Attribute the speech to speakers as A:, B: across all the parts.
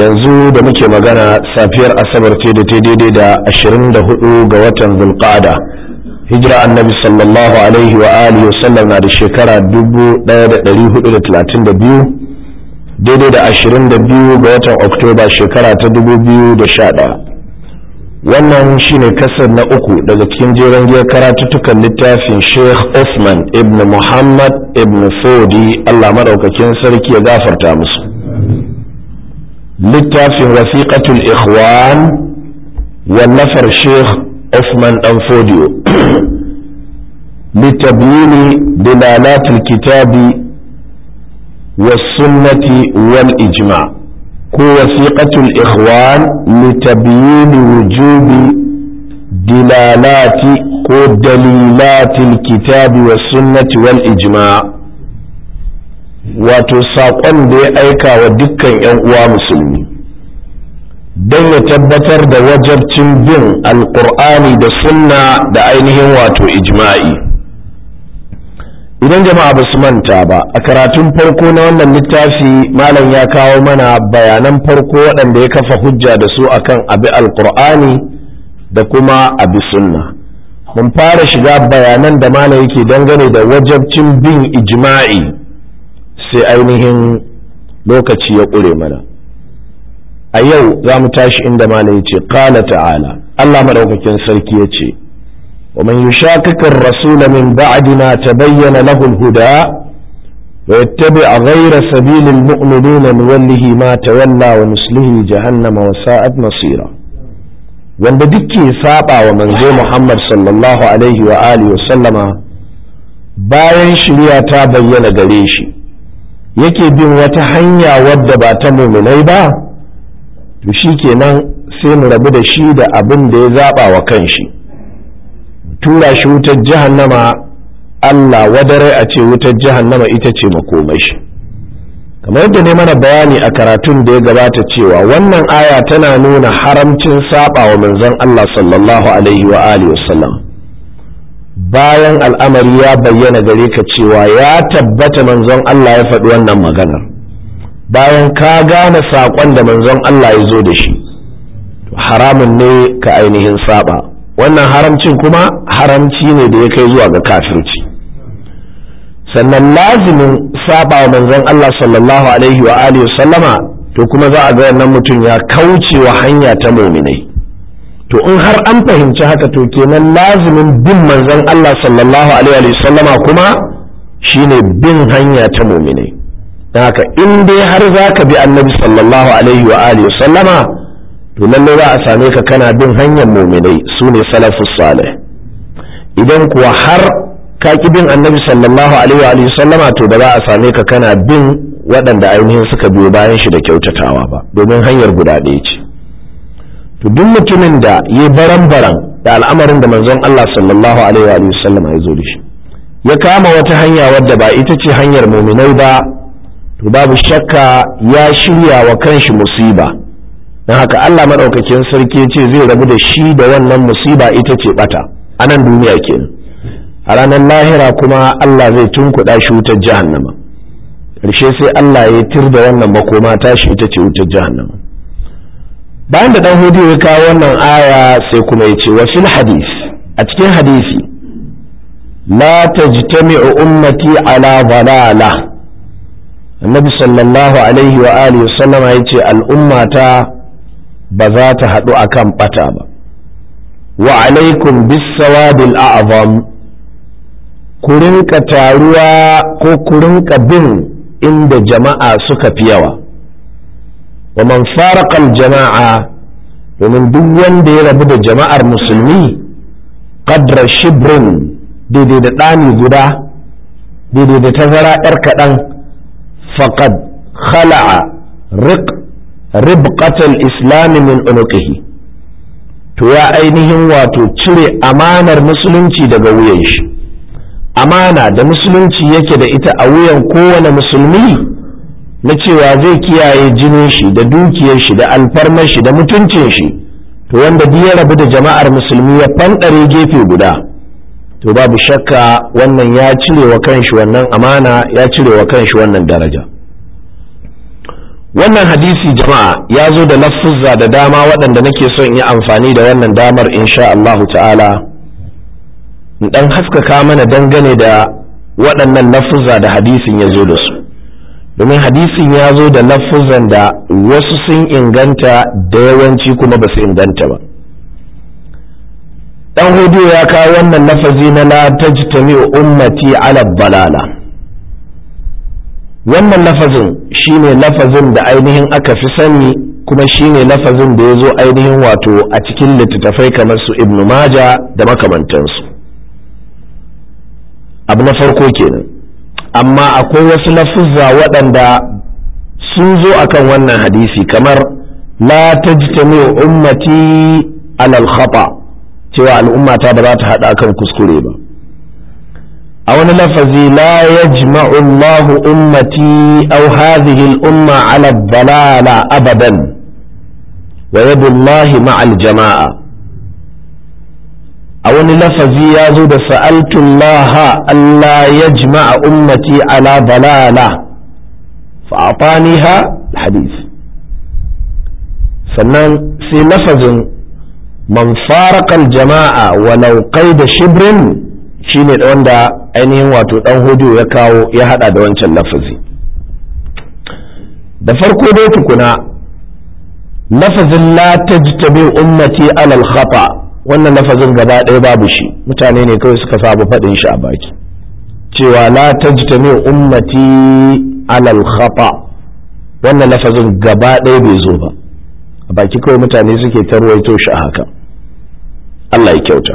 A: yanzu da muke magana safiyar asabar ce da ta daidai da 24 ga watan zulqada hijira annabi sallallahu alaihi wa alihi wasallam na da shekara 1432 daidai da 22 ga watan oktoba shekara ta 2011 wannan shine kasar na uku daga cikin jeren giyar karatuttukan littafin sheikh Osman ibn muhammad ibn fodi allah maɗaukakin sarki ya gafarta musu littafin wasiqatul ikhwan wa nafar sheikh Usman dan fodio litabyini dalalatul kitabi wassunnati wal ijma ko wasiqatul ikhwan litabyini wujubi dalalati ko dalilatul kitabi wassunnati wal ijima. wato saƙon da ya aika wa dukkan 'yan uwa musulmi don ya tabbatar da wajabcin bin alkur'ani da sunna da ainihin wato ijma'i idan jama'a ba su manta ba a karatun farko na wannan littafi malam ya kawo mana bayanan farko waɗanda ya kafa hujja da su akan abi alkur'ani da kuma abi sunna mun fara shiga bayanan da malam yake dangane da wajabcin bin ijma'i sai ainihin lokaci ya ƙure mana a yau za mu tashi inda malam ya ce ƙala ta'ala Allah maɗaukakin sarki ya ce wa man yushaqiqir rasula min ba'di ma tabayyana lahu al-huda ويتبع غير سبيل ma نوله ما تولى jahannama wa وساءت masira wanda duke saba wa manzo Muhammad sallallahu alaihi wa alihi wa sallama bayan shiriya ta bayyana gare shi yake bin wata hanya wadda ba ta muminai ba to shi kenan sai mu rabu da shi da abin da ya zaɓa wa kan shi. tura shi wutar jahannama Allah wadare a ce wutar nama ita ce makomai shi kamar yadda ne mana bayani a karatun da ya gabata cewa wannan aya tana nuna haramcin saɓa wa manzon Allah sallallahu alaihi wa alihi wasallam bayan al'amari ya bayyana gare ka cewa ya tabbata manzon Allah ya faɗi wannan maganar bayan ka gane saƙon da manzon Allah ya zo da shi haramun ne ka ainihin saba wannan haramcin kuma haramci ne da ya kai zuwa ga kafirci sannan lazimin saba wa manzon Allah sallallahu alaihi wa alihi sallama to kuma za a ga wannan mutum ya kauce wa hanya ta muminai to in har an fahimci haka to kenan lazimin bin manzon Allah sallallahu alaihi wa sallama kuma shine bin hanya ta mumine don haka in dai har zaka bi annabi sallallahu alaihi wa alihi sallama to lallai za a same ka kana bin hanyar muminai sune salafus salih idan kuwa har ka ki bin annabi sallallahu alaihi wa sallama to ba za a same ka kana bin waɗanda ainihin suka biyo bayan shi da kyautatawa ba domin hanyar guda ɗaya ce to duk mutumin da ya baran baran da al'amarin da manzon Allah sallallahu alaihi wa sallam ya zo da shi ya kama wata hanya wadda ba ita ce hanyar muminai ba to babu shakka ya shirya wa kanshi musiba don haka Allah madaukakin sarki ya ce zai rabu da shi da wannan musiba ita ce bata a nan duniya kenan a ranar lahira kuma Allah zai tunkuɗa shi wutar jahannama ƙarshe sai Allah ya tirda wannan makoma tashi ita ce wutar jahannama bayan da dan hudu ya kawo wannan aya sai kuma ya ce wa fil hadis a cikin hadisi la tajtami'u ummati ala dalala annabi sallallahu alaihi wa alihi sallama ya ce al'ummata ba za ta haɗu akan bata ba wa alaikum bis sawadil a'zam ku rinka taruwa ko ku rinka bin inda jama'a suka fi yawa wa man farakal jama'a domin duk wanda ya rabu da jama'ar musulmi qadra shibrin daidai da ɗani guda daidai da tazara ɗar kaɗan faqad khala'a riq ribqatal islami min unuqihi to ya ainihin wato cire amanar musulunci daga wuyan shi amana da musulunci yake da ita a wuyan kowane musulmi na cewa zai kiyaye jinin shi da dukiyar shi da alfarmar shi da mutuncin shi to wanda rabu da jama'ar musulmi ya fanɗare gefe guda to babu shakka wannan ya cire wa kanshi wannan amana ya cire wa kanshi wannan daraja wannan hadisi jama'a ya zo da lafuzza da dama waɗanda nake son yi amfani da wannan damar insha Allahu ta'ala in ɗan haskaka mana dangane da waɗannan lafuzza da hadisin ya zo da su domin hadisin ya zo da lafuzan da wasu sun inganta da yawanci kuma ba su inganta ba Ɗan hudu ya kawo wannan lafazi na la tajtami ummati ala balala wannan lafazin shine lafazin da ainihin aka fi sani kuma shine lafazin da ya zo ainihin wato a cikin littattafai kamar su ibnu maja da makamantansu abu na farko kenan amma akwai wasu lafuzza waɗanda sun zo akan wannan hadisi kamar la tajtami ummati alal khata cewa al'ummata ba za ta haɗa akan kuskure ba a wani lafazi la ya Allah ummati aw hadhihi al-umma ala dalala abadan wa yadu ma'al jama'a a wani lafazi ya zo da sa'altullaha Allah ya jima'a ummati ala balala fa'afaniha hadith sannan sai lafazin man farakal jama'a walau kai da shibrin shine wanda ainihin wato dan hudu ya kawo ya hada da wancan lafazi da farko dai tukuna lafazin la tajtabi ummati alal khata' wannan lafazin gaba ɗaya babu shi mutane ne kawai suka sabu faɗin shi a baki cewa la tajtami ummati alal khata wannan lafazin gaba ɗaya bai zo ba a baki kawai mutane suke tarwaito shi a haka Allah ya kyauta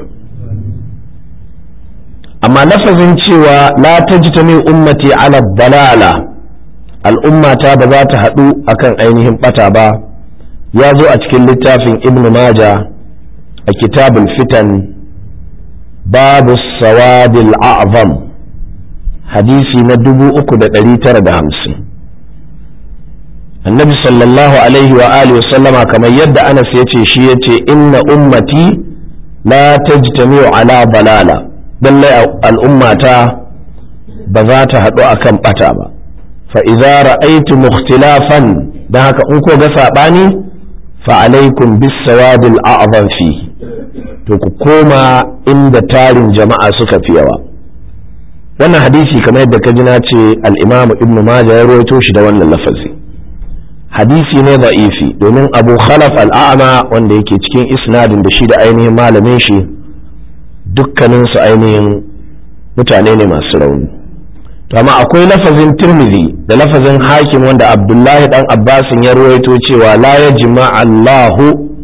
A: amma lafazin cewa la tajtami ummati ala balala al'ummata ba za ta haɗu akan ainihin ɓata ba ya zo a cikin littafin ibnu majah a kitabul fitan babu sawadil a'zam hadisi na dubu uku da ɗari tara da hamsin annabi sallallahu alaihi wa alihi sallama kamar yadda anas ya ce shi ya ce inna ummati la tajtami'u ala balala lallai al'ummata ba za ta haɗu a kan ɓata ba fa idza ra'aytu mukhtilafan dan haka in ko ga saɓani fa alaikum bis sawadil a'zam fi to ku koma inda tarin jama'a suka fi yawa wannan hadisi kamar yadda ka ji na ce Al'imamu ibnu maja ya rawaito shi da wannan lafazi hadisi ne ifi domin abu khalaf al'ama wanda yake cikin isnadin da shi da ainihin malamin shi dukkaninsu ainihin mutane ne masu rauni to amma akwai lafazin tirmidhi da lafazin hakim wanda abdullahi dan abbasin ya rawaito cewa la ya allahu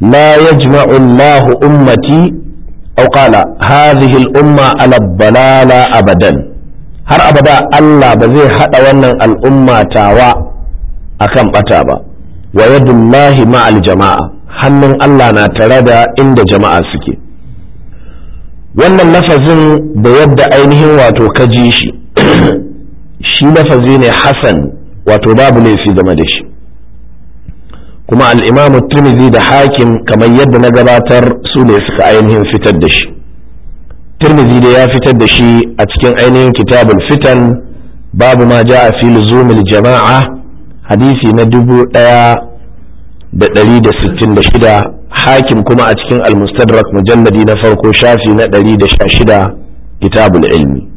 A: Na yajma'u Allah ummati aw qala hadhihi umma ala balala abadan har abada Allah ba zai haɗa wannan al'umma tawa akan ɓata ba wa yadullahi ma'al jama'a hannun Allah na tare da inda jama'a suke wannan lafazin da yadda ainihin wato ka ji shi shi lafazi ne hasan wato babu laifi zama da shi kuma al'imamu turmizi da hakim kamar yadda na gabatar su ne suka ainihin fitar da shi turmizi da ya fitar da shi a cikin ainihin kitabul fitan babu ma ja a fil zumil jama'a hadisi na dubu ɗaya da ɗari da sittin da shida hakim kuma a cikin almustadrak mujalladi na farko shafi na ɗari da sha shida kitabul ilmi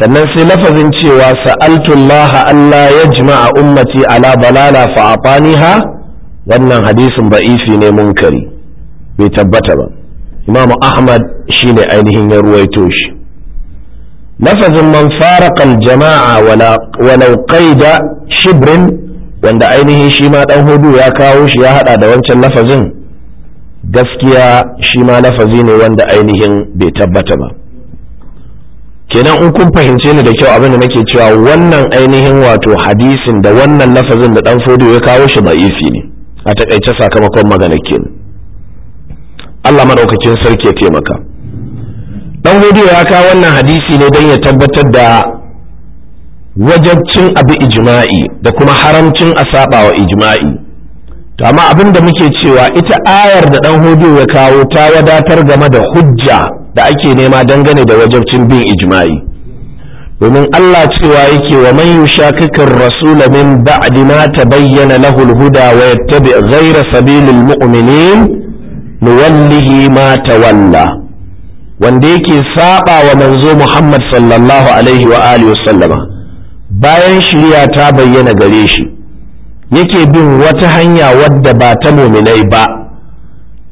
A: sannan sai lafazin cewa sa'altullaha Allah ya jima'a ummati ala balala fa'afaniha wannan hadisin ba'ifi ne munkari bai tabbata ba Imam ahmad shine ainihin ya ruwaito shi lafazin man farakal jama'a walau qaida shibrin wanda ainihin shi ma dan hudu ya kawo shi ya haɗa da wancan lafazin gaskiya shi ma lafazi ne wanda ainihin bai tabbata ba kenan in kun fahimce ni da kyau abin da nake cewa wannan ainihin wato hadisin da wannan lafazin da dan fodo ya kawo shi da'ifi ne a takaice sakamakon magana kenan Allah madaukakin sarki ya taimaka dan fodo ya kawo wannan hadisi ne dan ya tabbatar da wajabcin abu ijma'i da kuma haramcin a sabawa ijma'i to amma abin da muke cewa ita ayar da dan hodiyo ya kawo ta wadatar game da hujja da ake nema dangane da wajabcin bin ijma'i domin Allah cewa yake wa man yushakkikar rasula min ba'di ma tabayyana lahu al-huda wa yattabi ghayra sabilil mu'minin nuwallihi ma tawalla wanda yake saba wa manzo Muhammad sallallahu alaihi wa alihi wa sallama bayan shirya ta bayyana gare shi yake bin wata hanya wadda ba ta muminai ba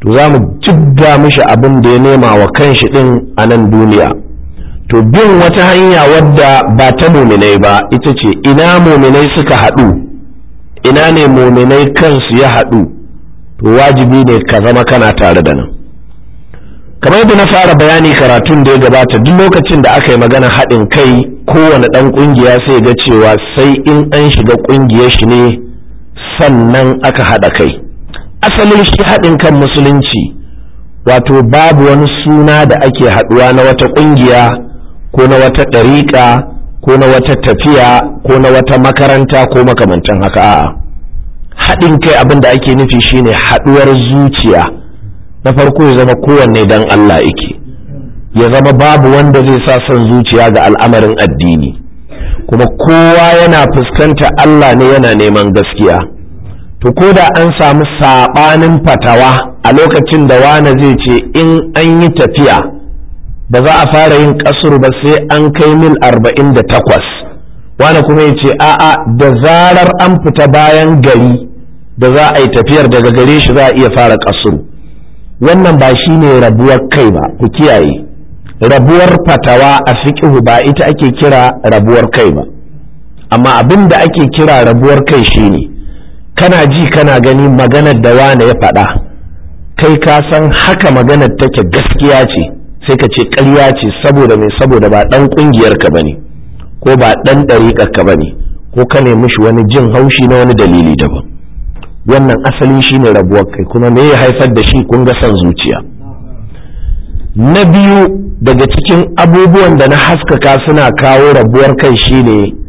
A: to za mu jidda mishi abin da ya nema wa kanshi din a nan duniya to bin wata hanya wadda ba ta muminai ba ita ce ina muminai suka haɗu ina ne muminai kansu ya haɗu to wajibi ne ka zama kana tare da nan kamar yadda na fara bayani karatun da ya gabata duk lokacin da aka yi magana haɗin kai kowane ɗan ƙungiya sai ga cewa sai in an shiga ƙungiyar shi ne sannan aka haɗa kai asalin shi haɗin kan musulunci wato babu wani suna da ake haɗuwa na wata ƙungiya ko na wata ɗariƙa ko na wata tafiya ko na wata makaranta ko makamantan haka -a haɗin kai abin da ake nufi shine haɗuwar zuciya na farko ya zama kowanne dan Allah yake ya zama babu wanda zai sa son zuciya ga al'amarin addini kuma kowa yana fuskanta Allah ne yana neman gaskiya to ko da an samu saɓanin fatawa a lokacin da wane zai ce in an yi tafiya ba za a fara yin kasur ba sai an kai mil arba'in da takwas wane kuma ya ce a'a da zarar an fita bayan gari da za a yi tafiyar daga gare shi za a iya fara kasur wannan ba shi ne rabuwar kai ba ku kiyaye rabuwar fatawa a fiƙihu ba ita ake kira rabuwar kai ba amma abin da ake kira rabuwar kai shine kana ji kana gani maganar da wane ya faɗa kai ka san haka maganar take gaskiya ce sai ka ce ƙarya ce saboda mai saboda ba ɗan ƙungiyar ka bane ko ba ɗan ɗariƙar ka bane ko ka nemi shi wani jin haushi na wani dalili daban wannan asali shi ne rabuwar kai kuma me ya haifar da shi kun ga son zuciya na biyu daga cikin abubuwan da na haskaka suna kawo rabuwar kai shine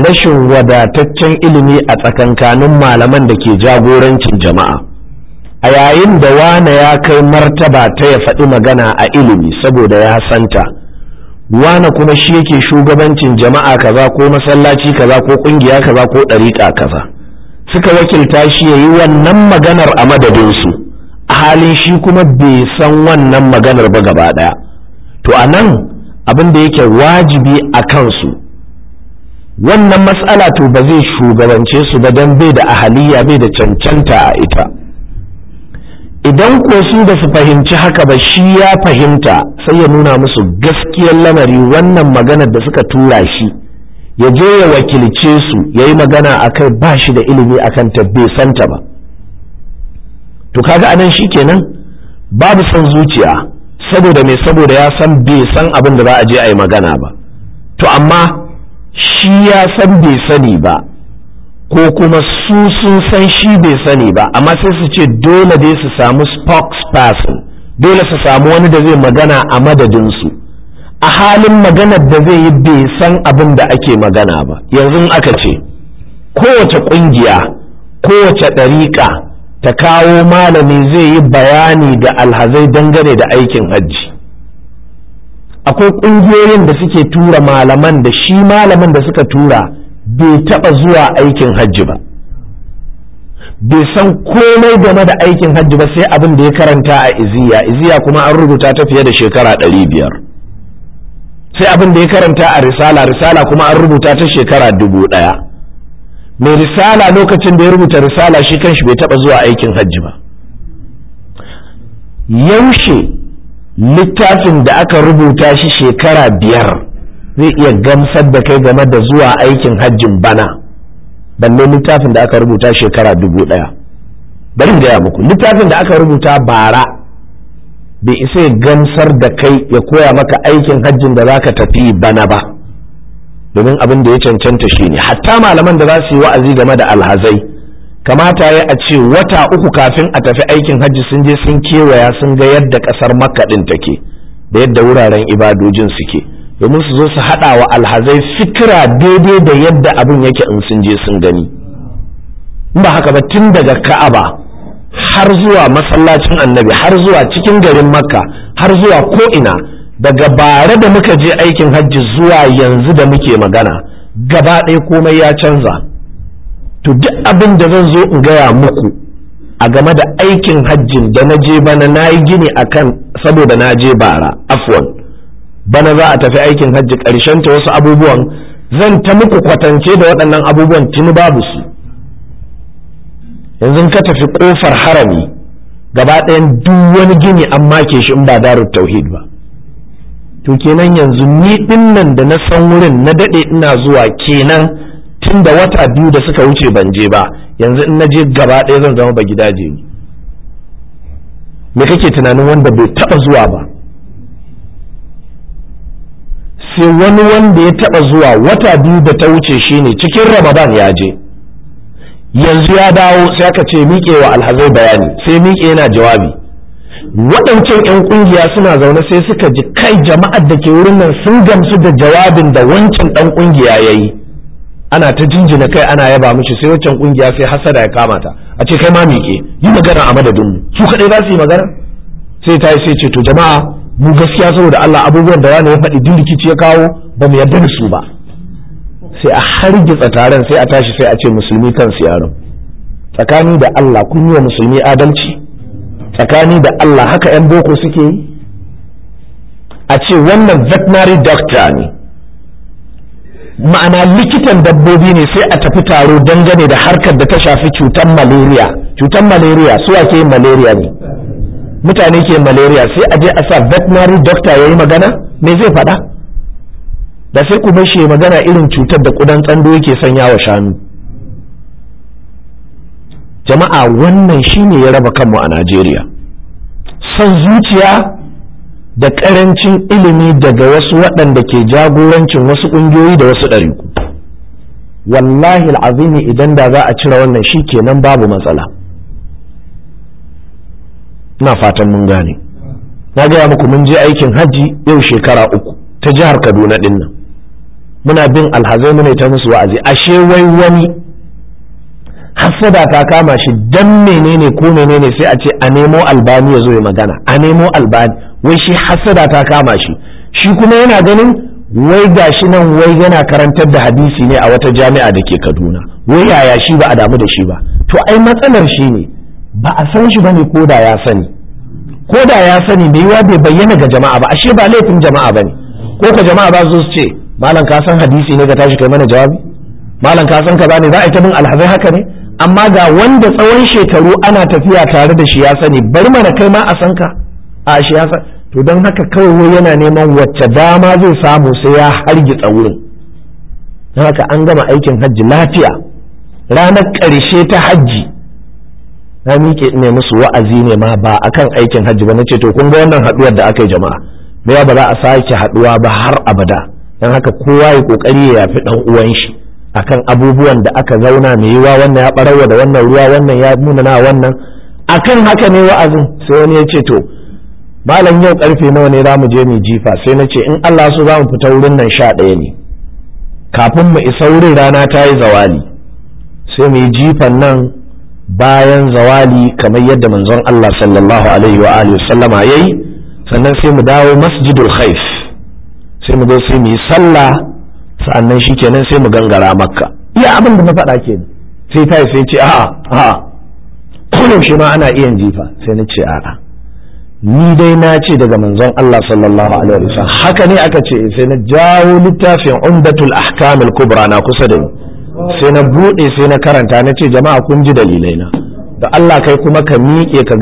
A: rashin wadataccen ilimi a tsakankanin malaman da ke jagorancin jama'a a yayin da wane ya kai martaba ta ya faɗi magana a ilimi saboda ya santa wane kuma shi yake shugabancin jama'a kaza ko masallaci kaza ko ƙungiya kaza ko ɗariƙa kaza suka wakilta shi ya yi wannan maganar a madadinsu a halin shi kuma bai san wannan maganar ba gaba ɗaya to a nan abin da yake wajibi a kansu wannan matsala to ba zai shugabance su ba don bai da ahaliya bai da cancanta a ita idan ko su da su fahimci haka ba shi ya fahimta sai ya nuna musu gaskiyar lamari wannan maganar da suka tura shi ya je ya wakilce su ya yi magana a kai ba shi da ilimi a kan santa ba to kaga anan shi kenan babu son zuciya saboda mai saboda ya san bai san abin da za a je a yi magana ba to amma shi ya san bai sani ba ko kuma su sun san shi bai sani ba amma sai su ce dole dai su samu spokesperson dole su samu wani da zai magana a madadinsu a halin maganar da zai yi bai san abin da ake magana ba yanzu aka ce kowace ƙungiya kowace ɗariƙa ta kawo malami zai yi bayani da alhazai dangane da aikin hajji akwai ƙungiyoyin da suke tura malaman da shi malamin da suka tura bai taɓa zuwa aikin hajji ba bai san komai game da aikin hajji ba sai abin da ya karanta a iziya iziya kuma an rubuta ta fiye da shekara ɗari biyar sai abin da ya karanta a risala risala kuma an rubuta ta shekara dubu ɗaya mai risala lokacin da ya rubuta risala shi kanshi bai taɓa zuwa aikin hajji ba yaushe littafin da aka rubuta shi shekara biyar zai iya gamsar da kai game da zuwa aikin hajjin bana balle littafin da aka rubuta shekara dubu ɗaya bari gaya muku littafin da aka rubuta bara bai isa ya gamsar da kai ya koya maka aikin hajjin da za ka tafi bana ba domin abin da ya cancanta shi ne. hatta malaman da za su yi wa'azi game da alhazai kamata ya a ce wata uku kafin a tafi aikin hajji sun je sun kewaya sun ga yadda kasar makka ɗin take da yadda wuraren ibadojin suke domin su zo su haɗa wa alhazai fikira daidai da yadda abin yake in sun je sun gani ba haka ba tun daga ka'aba har zuwa masallacin annabi har zuwa cikin garin makka har zuwa ko'ina daga bare da muka je aikin hajji zuwa yanzu da muke magana gaba ɗaya komai ya canza to duk abin da zan zo in gaya muku a game da aikin hajjin da na je bana na yi gini a kan saboda na je bara afwan bana za a tafi aikin hajji ƙarshen ta wasu abubuwan zan ta muku kwatance da waɗannan abubuwan tuni babu su yanzu ka tafi ƙofar harami gaba ɗayan duk wani gini an make shi in ba darut tauhid ba to kenan yanzu ni ɗin da na san wurin na daɗe ina zuwa kenan tun da wata biyu da suka wuce ban je ba yanzu in na je gaba ɗaya zan zama ba gida je me kake tunanin wanda bai taɓa zuwa ba sai wani wanda ya taɓa zuwa wata biyu da ta wuce shi ne cikin ramadan ya je yanzu ya dawo sai aka ce miƙe wa alhazai bayani sai miƙe yana jawabi waɗancan 'yan ƙungiya suna zaune sai suka ji kai jama'ar da ke wurin nan sun gamsu da jawabin da wancan ɗan ƙungiya ya yi ana ta jinjina kai ana yaba mishi sai waccan kungiya sai hasada ya kama ta a ce kai ma miƙe yi magana a madadin mu su kadai za su yi magana sai ta yi sai ce to jama'a mu gaskiya saboda Allah abubuwan da wani ya faɗi din rikici ya kawo ba mu yarda da su ba sai a hargitsa taron sai a tashi sai a ce musulmi kan yaron tsakani da Allah kun yi wa musulmi adalci tsakani da Allah haka 'yan boko suke yi a ce wannan veterinary doctor ne ma'ana likitan dabbobi ne sai a tafi taro dangane da harkar da ta shafi cutar malaria cutar malaria suwa ke malaria ne mutane ke malaria sai a je a sa veterinary doctor ya yi magana me zai faɗa da sai kuma shi magana irin cutar da kudan tsando yake sanya wa shanu jama'a wannan shine ya raba kanmu a najeriya son zuciya da karancin ilimi daga wasu waɗanda ke jagorancin wasu ƙungiyoyi da wasu ɗariku wallahi al'azimi idan da za a cire wannan shi kenan babu matsala na fatan mun gane na gaya muku mun je aikin hajji yau shekara uku ta jihar kaduna ɗin nan muna bin alhazai muna ta musu wa'azi ashe wai wani hassada ta kama shi dan menene ko menene sai a ce a nemo albani ya zo ya magana a nemo albani wai shi hasada ta kama shi shi kuma yana ganin wai ga shi nan wai yana karantar da hadisi ne a wata jami'a da ke kaduna wai yaya shi ba a damu da shi ba to ai matsalar shi ne ba a san shi bane ko da ya sani ko da ya sani bai yiwa bai bayyana ga jama'a ba ashe ba laifin jama'a ba ne? ko ka jama'a ba su ce malam ka san hadisi ne ga tashi kai mana jawabi malam ka san ka ne za a ta bin alhazai haka ne amma ga wanda tsawon shekaru ana tafiya tare da shi ya sani bari mana kai ma a san ka a shi ya san to don haka kawai yana neman wacce dama zai samu sai ya hargitsa wurin don haka an gama aikin hajji lafiya ranar ƙarshe ta hajji na miƙe ne musu wa'azi ne ma ba akan aikin hajji ba na ce to kun ga wannan haɗuwar da aka yi jama'a me ba za a sake haɗuwa ba har abada don haka kowa ya kokari ya yafi ɗan uwan shi akan abubuwan da aka zauna mai yiwa wannan ya ɓarawa da wannan ruwa wannan ya munana wannan akan haka ne wa'azin sai wani ya ce to malam yau karfe nawa ne za mu je mu jifa sai na ce in Allah su za mu fita wurin nan sha ɗaya ne kafin mu isa wurin rana ta yi zawali sai mu yi jifan nan bayan zawali kamar yadda manzon Allah sallallahu alaihi wa alihi sallama yayi sannan sai mu dawo masjidul khaif sai mu zo sai mu yi sallah sannan shikenan sai mu gangara makka iya abin da na faɗa ke sai ta sai ce a'a a'a kullum shi ma ana iya jifa sai na ce a'a ni dai na ce daga manzon Allah sallallahu alaihi wasallam haka ne aka ce sai na jawo littafin umdatul al kubra na kusa da ni sai na bude sai na karanta na ce jama'a kun ji dalilai na da Allah kai kuma ka miƙe ka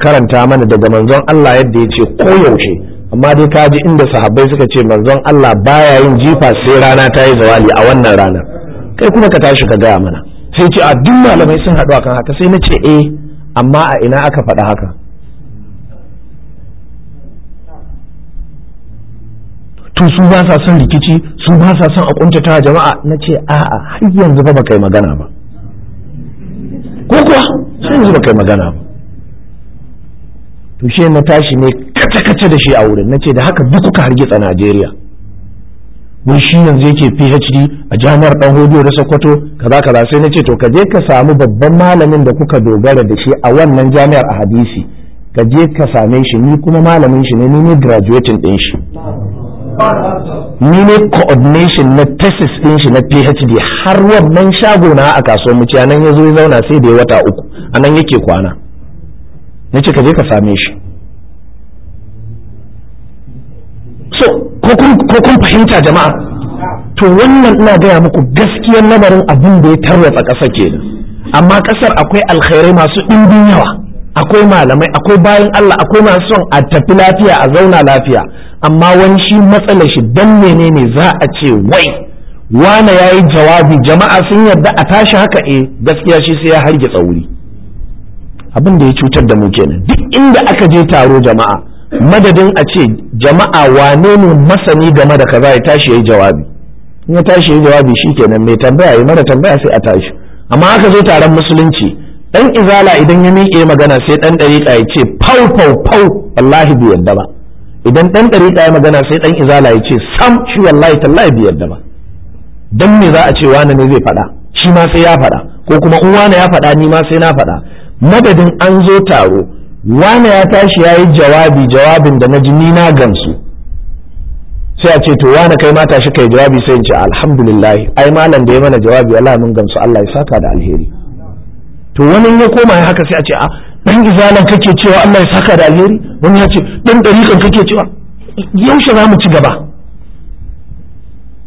A: karanta mana daga manzon Allah yadda ya ce yaushe amma dai ka ji inda sahabbai suka ce manzon Allah baya yin jifa sai rana ta yi zawali a wannan rana kai kuma ka tashi ka gaya mana sai ce a duk malamai sun haɗu akan haka sai na ce eh amma a ina aka faɗa haka su su ba sa son rikici su ba sa son a kuntata jama'a na ce a'a har yanzu ba kai magana ba ko kuwa sai yanzu ba kai magana ba to na tashi ne kace-kace da shi a wurin na ce da haka duk kuka hargitsa Najeriya mun shi yanzu yake PhD a jami'ar Dan Hodiyo da Sokoto kaza kaza sai na ce to ka je ka samu babban malamin da kuka dogara da shi a wannan jami'ar a hadisi ka je ka same shi ni kuma malamin shi ne ni ne graduating din shi ni ne coordination na thesis din shi na PhD har wannan shago na a kasuwar mu nan ya zo ya zauna sai da ya wata uku anan yake kwana na ce ka je ka same shi so ko kun fahimta jama'a to wannan ina gaya muku gaskiyar lamarin abin da ya tarwatsa ƙasa kenan amma ƙasar akwai alkhairai masu ɗimbin yawa akwai malamai akwai bayan Allah akwai masu son a tafi lafiya a zauna lafiya amma wani shi matsala shi dan menene za a ce wai wane yayi jawabi jama'a sun yarda a tashi haka eh gaskiya shi sai ya harge tsauri abin da ya cutar da mu kenan duk inda aka je taro jama'a madadin a ce jama'a wane ne masani game da kaza ya tashi yayi jawabi in ya tashi yayi jawabi shikenan mai tambaya mai mara tambaya sai a tashi amma aka zo taron musulunci dan izala idan ya miƙe magana sai dan dariƙa ya ce pau pau pau wallahi bi yadda ba idan dan dariƙa ya magana sai dan izala ya ce sam shi wallahi tallahi bi yadda ba dan me za a ce wani ne zai faɗa shi ma sai ya faɗa ko kuma in wani ya faɗa ni ma sai na faɗa madadin an zo taro wani ya tashi ya yi jawabi jawabin da na ji ni na gamsu sai a ce to wani kai ma tashi kai jawabi sai in ce alhamdulillah ai malam da ya mana jawabi Allah mun gamsu Allah ya saka da alheri to wani ya koma ya haka sai a ce a ah, dan izalan kake cewa Allah ya saka da alheri wani ya ce dan dariƙan kake cewa yaushe za mu ci gaba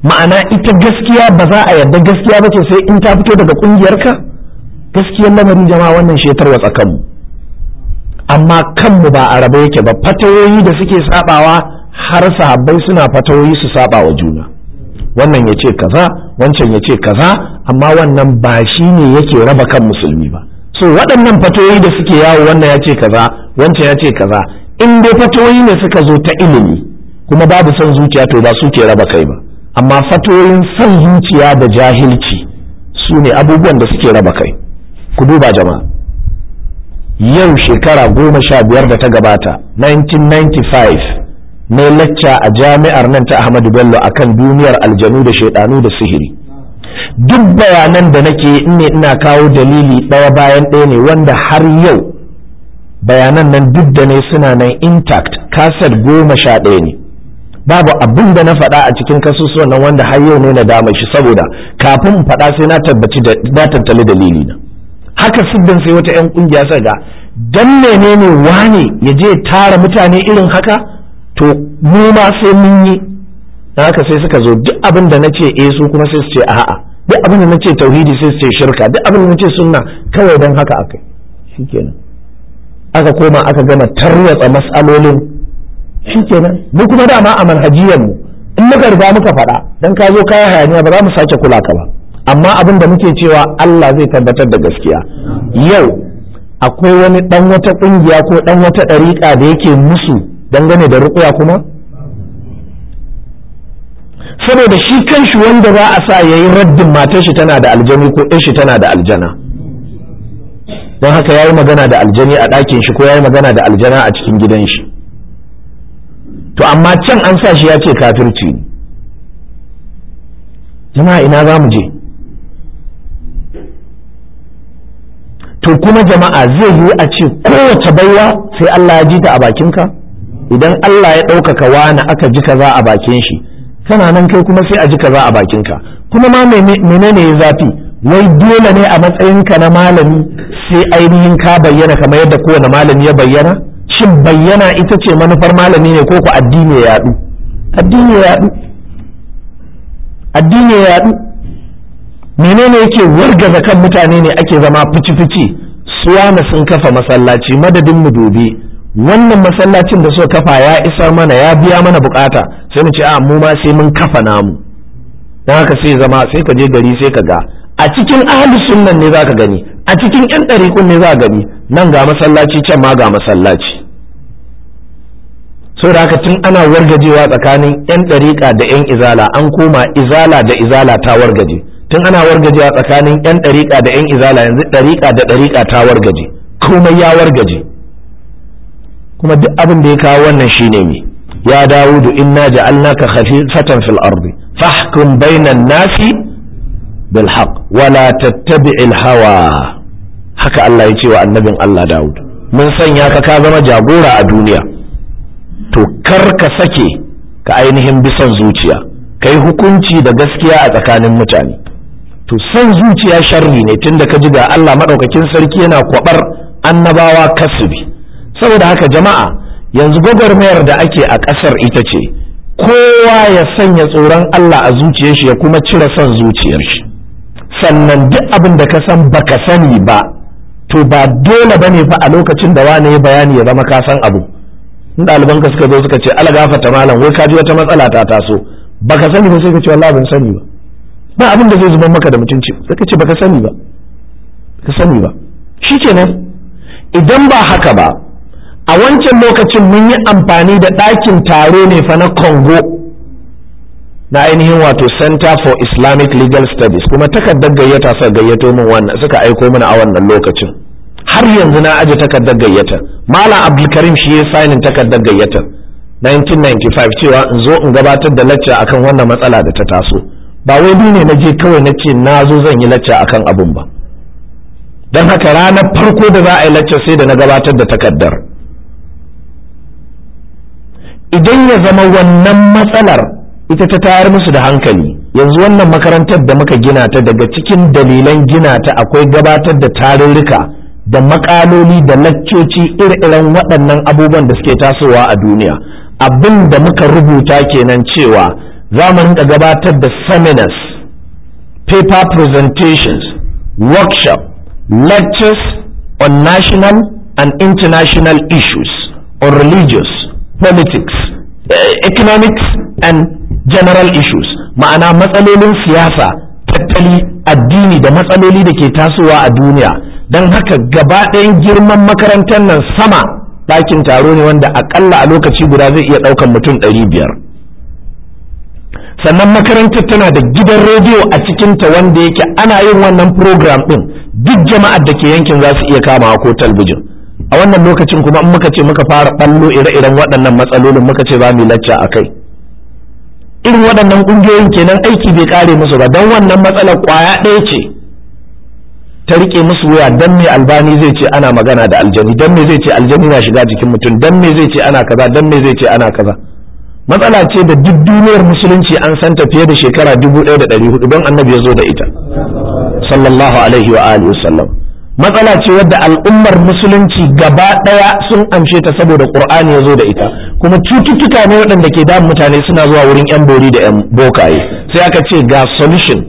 A: ma'ana ita gaskiya ba za a yarda gaskiya ba ce sai in ta fito daga ƙungiyarka gaskiyar lamarin jama'a wannan shetar wa tsakanmu amma kanmu ba a raba yake ba fatayoyi da suke sabawa har sahabbai suna fatayoyi su saba wa juna wannan ya ce kaza wancan ya ce kaza amma wannan ba shi ne yake raba kan musulmi ba so waɗannan fatoyi da suke yawo wannan ya ce kaza wancan ya ce kaza in dai fatoyi ne suka zo ta ilimi kuma babu son zuciya to ba suke raba kai ba amma fatoyin son zuciya da jahilci su ne abubuwan da suke raba kai ku duba jama'a yau shekara goma sha biyar da ta gabata 1995 mai lacca a jami'ar nan ta Ahmadu Bello akan duniyar aljanu da shaidanu da sihiri duk bayanan da nake ne ina kawo dalili ɗaya bayan ɗaya ne wanda har yau bayanan nan duk da ne suna nan intact kasar goma sha ɗaya ne babu abin da na faɗa a cikin kasusuwan nan wanda har yau ne na dama shi saboda kafin faɗa sai na tabbaci da na tattali dalili na haka siddan sai wata yan ƙungiya sai ga dan menene wane ya je tara mutane irin haka to mu ma sai mun yi haka sai suka zo duk abin da nace eh su kuma sai su ce a'a duk abin da nace tauhidi sai su ce shirka duk abin da nace sunna kawai dan haka akai shikenan aka koma aka gama tarwatsa mas'alolin shikenan mu kuma dama a manhajiyar mu in muka riga muka faɗa dan ka zo kai hayaniya ba za mu sake kula ka ba amma abin da muke cewa Allah zai tabbatar da gaskiya yau akwai wani dan wata kungiya ko dan wata ɗariƙa da yake musu dangane da rukuya kuma saboda shi kanshi wanda za a sa yayi raddin matar shi tana da aljani ko ɗin shi tana da aljana don haka yi magana da aljani a ɗakin shi ko ya yayi magana da aljana a cikin gidan shi to amma can an sa shi ya ce kafirci jama'a ina za mu je to kuma jama'a zai yi a ce kowace baiwa sai Allah ya ji ta a bakinka idan Allah ya ɗaukaka wani aka ji kaza a bakin shi kana nan kai kuma sai a ji kaza a bakin ka. kuma ma menene ya zafi wai dole ne a matsayinka na malami sai ainihin ka bayyana kamar yadda kowane malami ya bayyana shin bayyana ita ce manufar malami ne ko ku addini ya yaɗu addini ya yaɗu addini ya yaɗu menene yake wargaza kan mutane ne ake zama fici-fici na sun kafa masallaci madadin mu dobe wannan masallacin da suka kafa ya isa mana ya biya mana bukata sai mu ce a mu ma sai mun kafa namu dan haka sai zama sai ka je gari sai ka ga a cikin ahli sunnan ne zaka gani a cikin yan ɗariƙun ne za gani nan ga masallaci can ma ga masallaci so da haka tun ana wargajewa tsakanin yan ɗarika da yan izala an koma izala da izala ta wargaje tun ana wargajewa tsakanin yan ɗarika da yan izala yanzu ɗarika da ɗarika ta wargaje komai ya wargaje kuma duk abin da ya kawo wannan shine me ya dawudu inna ja'alnaka khafifatan fil ardi fahkum bainan nasi bil haqq wala tattabi'il hawa haka Allah ya ce wa annabin Allah Dawud mun sanya ka ka zama jagora a duniya to kar ka sake ka ainihin bisan zuciya kai hukunci da gaskiya a tsakanin mutane to son zuciya sharri ne tunda ka ji ga Allah madaukakin sarki yana kwabar annabawa kasubi saboda haka jama'a yanzu gwagwarmayar da ake a ƙasar ita ce kowa ya sanya tsoron Allah a zuciyar shi ya kuma cire son zuciyar shi sannan duk abin da ka san baka sani ba to ba dole bane fa a lokacin da wani ya bayani ya zama ka san abu in ɗaliban ka suka zo suka ce ala gafata malam wai ka ji wata matsala ta taso baka sani ba sai ka ce wallahi ban sani ba ba abin da zai zuba maka da mutunci sai ka ce baka sani ba ka sani ba shikenan idan ba haka ba a wancan lokacin mun yi amfani da ɗakin taro ne fa na congo na ainihin wato center for islamic legal studies kuma takardar gayyata suka gayyato min wannan suka aiko mana a wannan lokacin har yanzu na aje takardar gayyata malam abdulkarim shi ya sainin takardar gayyata 1995 cewa in zo in gabatar da lacca akan wannan matsala da ta taso ba wai ne na je kawai na ce na zo zan yi lacca akan abun ba don haka ranar farko da za a yi lacca sai da na gabatar da takardar idan ya zama wannan matsalar ita ta tayar musu da hankali yanzu wannan makarantar da muka gina ta daga cikin dalilan gina ta akwai gabatar da tarurruka da makaloli da laccoci ire-iren waɗannan abubuwan da suke tasowa a duniya abin da muka rubuta kenan cewa za mu rinka gabatar da seminars paper presentations workshop lectures on national and international issues on religious politics Eh, economics and general issues ma'ana matsalolin siyasa tattali addini da matsaloli da ke tasowa a duniya don haka gaba ɗayan girman makarantar nan sama ɗakin taro ne wanda akalla a lokaci guda zai iya ɗaukan mutum ɗari biyar sannan makarantar tana da gidan rediyo a cikinta wanda yake ana yin wannan program ɗin duk jama'ar da ke yankin za su iya kamawa ko talbijin a wannan lokacin kuma in muka ce muka fara ɓallo ire-iren waɗannan matsalolin muka ce za mu lacca a kai irin waɗannan ƙungiyoyin kenan aiki bai kare musu ba don wannan matsalar ƙwaya ɗaya ce ta riƙe musu wuya don me albani zai ce ana magana da aljani don me zai ce aljani na shiga jikin mutum don me zai ce ana kaza don me zai ce ana kaza matsala ce da duk duniyar musulunci an santa fiye da shekara dubu ɗaya da ɗari hudu don annabi ya zo da ita sallallahu alaihi wa alihi wasallam matsala ce wadda al'ummar musulunci gaba ɗaya sun amshe ta saboda qur'ani ya zo da ita kuma cututtuka ne waɗanda ke damun mutane suna zuwa wurin yan bori da yan bokaye sai aka ce ga solution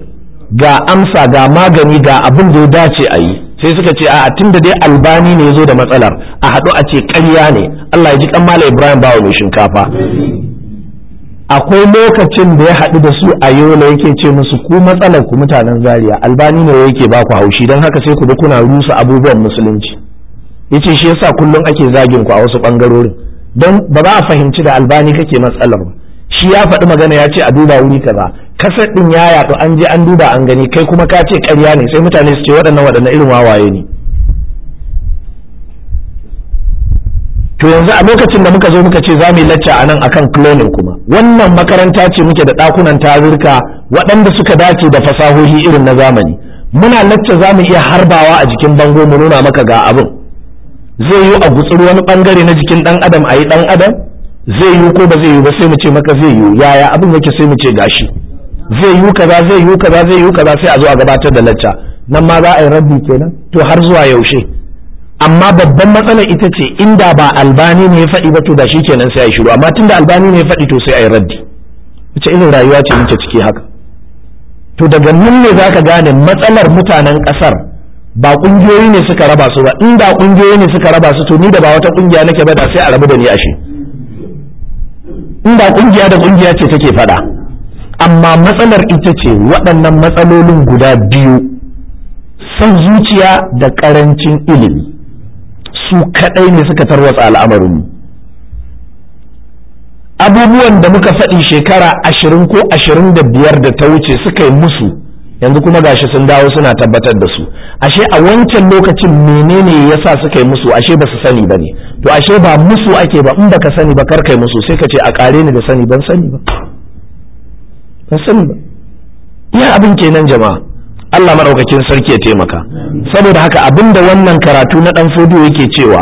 A: ga amsa ga magani ga abin da ya dace a yi sai suka ce a tun da dai albani ne ya zo da matsalar a haɗu a ce ƙarya ne Allah ya ji kan mala Ibrahim bawa mai shinkafa akwai lokacin da ya haɗu da su a yola yake ce musu ku matsalar ku mutanen zaria albani ne yake ba ku haushi don haka sai ku bi kuna rusa abubuwan musulunci yace shi yasa kullum ake zagin ku a wasu bangarorin don ba za a fahimci da albani kake matsalar ba shi ya faɗi magana ya ce a duba wuri kaza kasar din ya yaɗu an je an duba an gani kai kuma ka ce ƙarya ne sai mutane su ce waɗannan waɗannan irin wawaye ne to yanzu a lokacin da muka zo muka ce za mu yi lacca a nan akan cloning kuma wannan makaranta ce muke da ɗakunan tarurka waɗanda suka dace da fasahohi irin na zamani muna lacca za mu iya harbawa a jikin bango mu nuna maka ga abin zai yi a gutsuru wani bangare na jikin ɗan adam a yi ɗan adam zai yi ko ba zai yi ba sai mu ce maka zai yi yaya abin yake sai mu ce gashi zai yi kaza zai yi kaza zai yi kaza sai a zo a gabatar da lacca nan ma za a yi rabbi kenan to har zuwa yaushe amma babban matsalar ita ce inda ba albani ne ya faɗi ba to da shi kenan sai a yi shiru amma tunda albani ne ya faɗi to sai a yi raddi wace irin rayuwa ce muke ciki haka to daga nan ne zaka gane matsalar mutanen ƙasar ba ƙungiyoyi ne suka raba su ba inda ƙungiyoyi ne suka raba su to ni da ba wata ƙungiya nake ba da sai a rabu da ni ashe inda ƙungiya da ƙungiya ce take faɗa amma matsalar ita ce waɗannan matsalolin guda biyu son zuciya da ƙarancin ilimi su kaɗai ne suka tarwatsa al'amarin abubuwan da muka faɗi shekara ashirin ko ashirin da biyar da ta wuce suka yi musu yanzu kuma gashi sun dawo suna tabbatar da su ashe a wancan lokacin menene yasa suka yi musu ashe ba su sani ba ne to ashe ba musu ake ba in ka sani ba kar kai musu sai ka ce a kare ni da sani ban sani ba ban sani ba ya abin kenan jama'a Allah maɗaukakin sarki ya taimaka saboda haka abinda wannan karatu na ɗan fodiyo yake cewa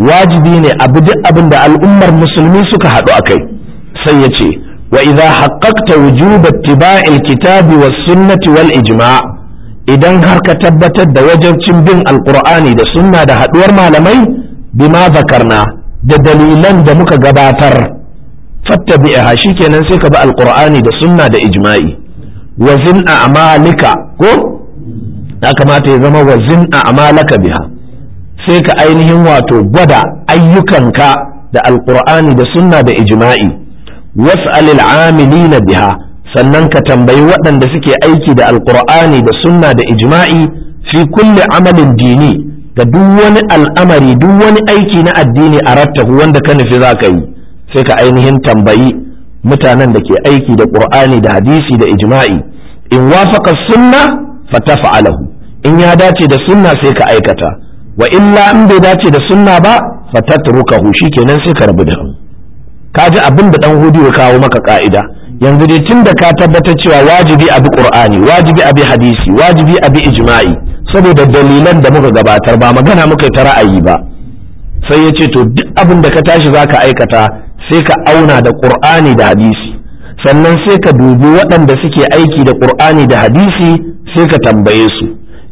A: wajibi ne abu duk abin da al'ummar musulmi suka haɗu a kai sai ya ce wa idza haqqaqta wujuba ittiba'il kitabi was sunnati wal ijma' idan har ka tabbatar da cin bin alqur'ani da sunna da haɗuwar malamai bima zakarna da dalilan da muka gabatar fattabi'aha shikenan sai ka bi alqur'ani da sunna da ijma'i wazin a amalika ko ya kamata ya zama wazin a amalaka biha sai ka ainihin wato gwada ayyukanka da alkur'ani da sunna da ijma'i was'alil amilina biha sannan ka tambayi waɗanda suke aiki da alkur'ani da sunna da ijma'i fi kulli amalin dini da duk wani al'amari duk wani aiki na addini a rattahu wanda ka nufi za ka yi sai ka ainihin tambayi mutanen da ke aiki da ƙur'ani da hadisi da ijma'i in wafaka sunna fatafa'alahu in ya dace da sunna sai ka aikata wa illa in bai dace da sunna ba fatatrukahu shikenan sai ka rabu da ka ji abin da dan hudu ya kawo maka ka'ida yanzu dai tunda da ka tabbatar cewa wajibi a bi ƙur'ani wajibi a bi hadisi wajibi a bi ijma'i saboda dalilan da muka gabatar ba magana muka yi ta ra'ayi ba sai ya ce to duk abin da ka tashi zaka aikata sai ka auna da ƙur'ani da hadisi sannan sai ka dubi waɗanda suke aiki da ƙur'ani da hadisi sai ka tambaye su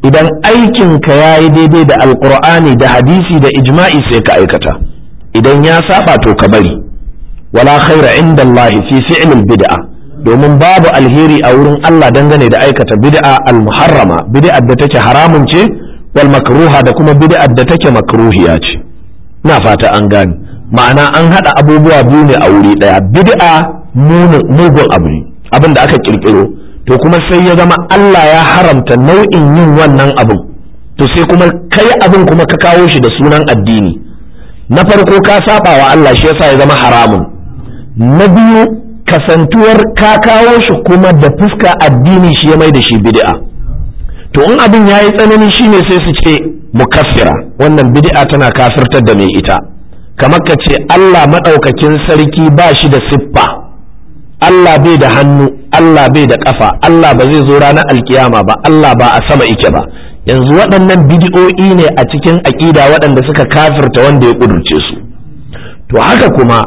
A: idan aikinka ya yi daidai da alƙur'ani da hadisi da ijma'i sai ka aikata idan ya saba to ka bari wala khaira inda Allah fi fi'lil bid'a domin babu alheri a wurin Allah dangane da aikata bid'a al-muharrama bid'a da take haramun ce wal makruha da kuma bid'a da take makruhiya ce na fata an gane ma'ana an haɗa abubuwa biyu ne a wuri ɗaya bid'a mugun abu ne abin da aka kirkiro to kuma sai ya zama Allah ya haramta nau'in yin wannan abin to sai kuma kai abin kuma ka kawo shi da sunan addini na farko ka saba wa Allah shi yasa ya zama haramun na biyu kasantuwar ka kawo shi kuma da fuska addini shi ya mai da shi bid'a to in abin yayi tsanani shine sai su ce mukaffira wannan bid'a tana kafirtar da mai ita kamar ka ce Allah maɗaukakin sarki ba shi da siffa Allah bai da hannu Allah bai da ƙafa Allah ba zai zo ranar alkiyama ba Allah ba a sama ike ba yanzu waɗannan bidi'o'i ne a cikin aƙida waɗanda suka kafirta wanda ya ƙudurce su to haka kuma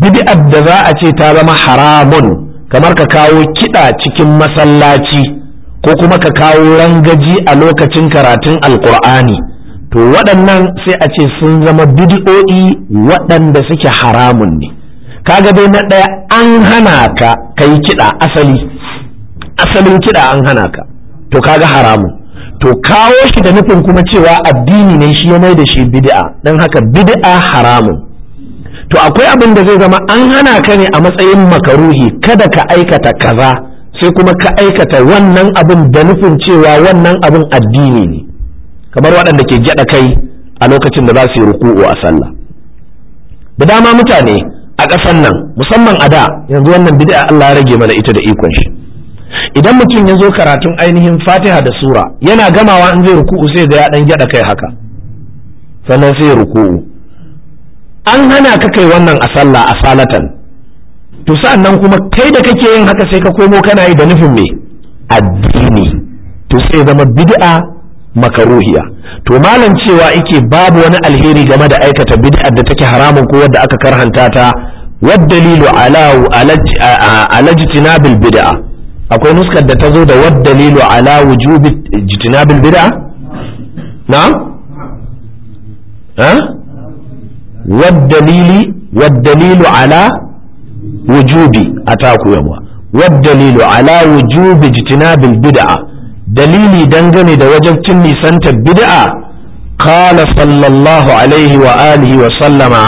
A: bid'ar da za a ce ta zama haramun kamar ka kawo kiɗa cikin masallaci ko kuma ka kawo rangaji a lokacin karatun alƙur'ani. to waɗannan sai a ce sun zama bid'o'i waɗanda suke haramun ne kaga dai na ɗaya an hana ka kai kiɗa asali asalin kiɗa an hana ka to kaga haramun to kawo shi da nufin kuma cewa addini ne shi ya mai da shi bid'a don haka bid'a haramun to akwai abin da zai zama an hana ka ne a matsayin makaruhi kada ka aikata kaza sai kuma ka aikata wannan abin da nufin cewa wannan abin addini ne kamar waɗanda ke gyaɗa kai a lokacin da za su yi ruku'u a sallah da dama mutane a ƙasan nan musamman a da yanzu wannan bid'a Allah ya rage mana ita da ikon shi idan mutum ya zo karatun ainihin fatiha da sura yana gamawa in zai ruku'u sai da ya dan gyada kai haka sannan sai ruku'u an hana ka kai wannan a sallah a salatan to sa'an nan kuma kai da kake yin haka sai ka komo kana yi da nufin me addini to sai zama bid'a makaruhiya to malam cewa ike babu wani alheri game da aikata bid'ar da take haramun ko wadda aka karhanta ta waddalilu ala ala jitinabil bid'a akwai nuskar da ta zo da waddalilu ala wujubi jitinabil bid'a na'am ha waddalili waddalilu ala wujubi ataku yawa waddalilu ala wujubi jitinabil bid'a dalili dangane da wajen wajabcin nisantar bid'a kala sallallahu alaihi wa alihi wa sallama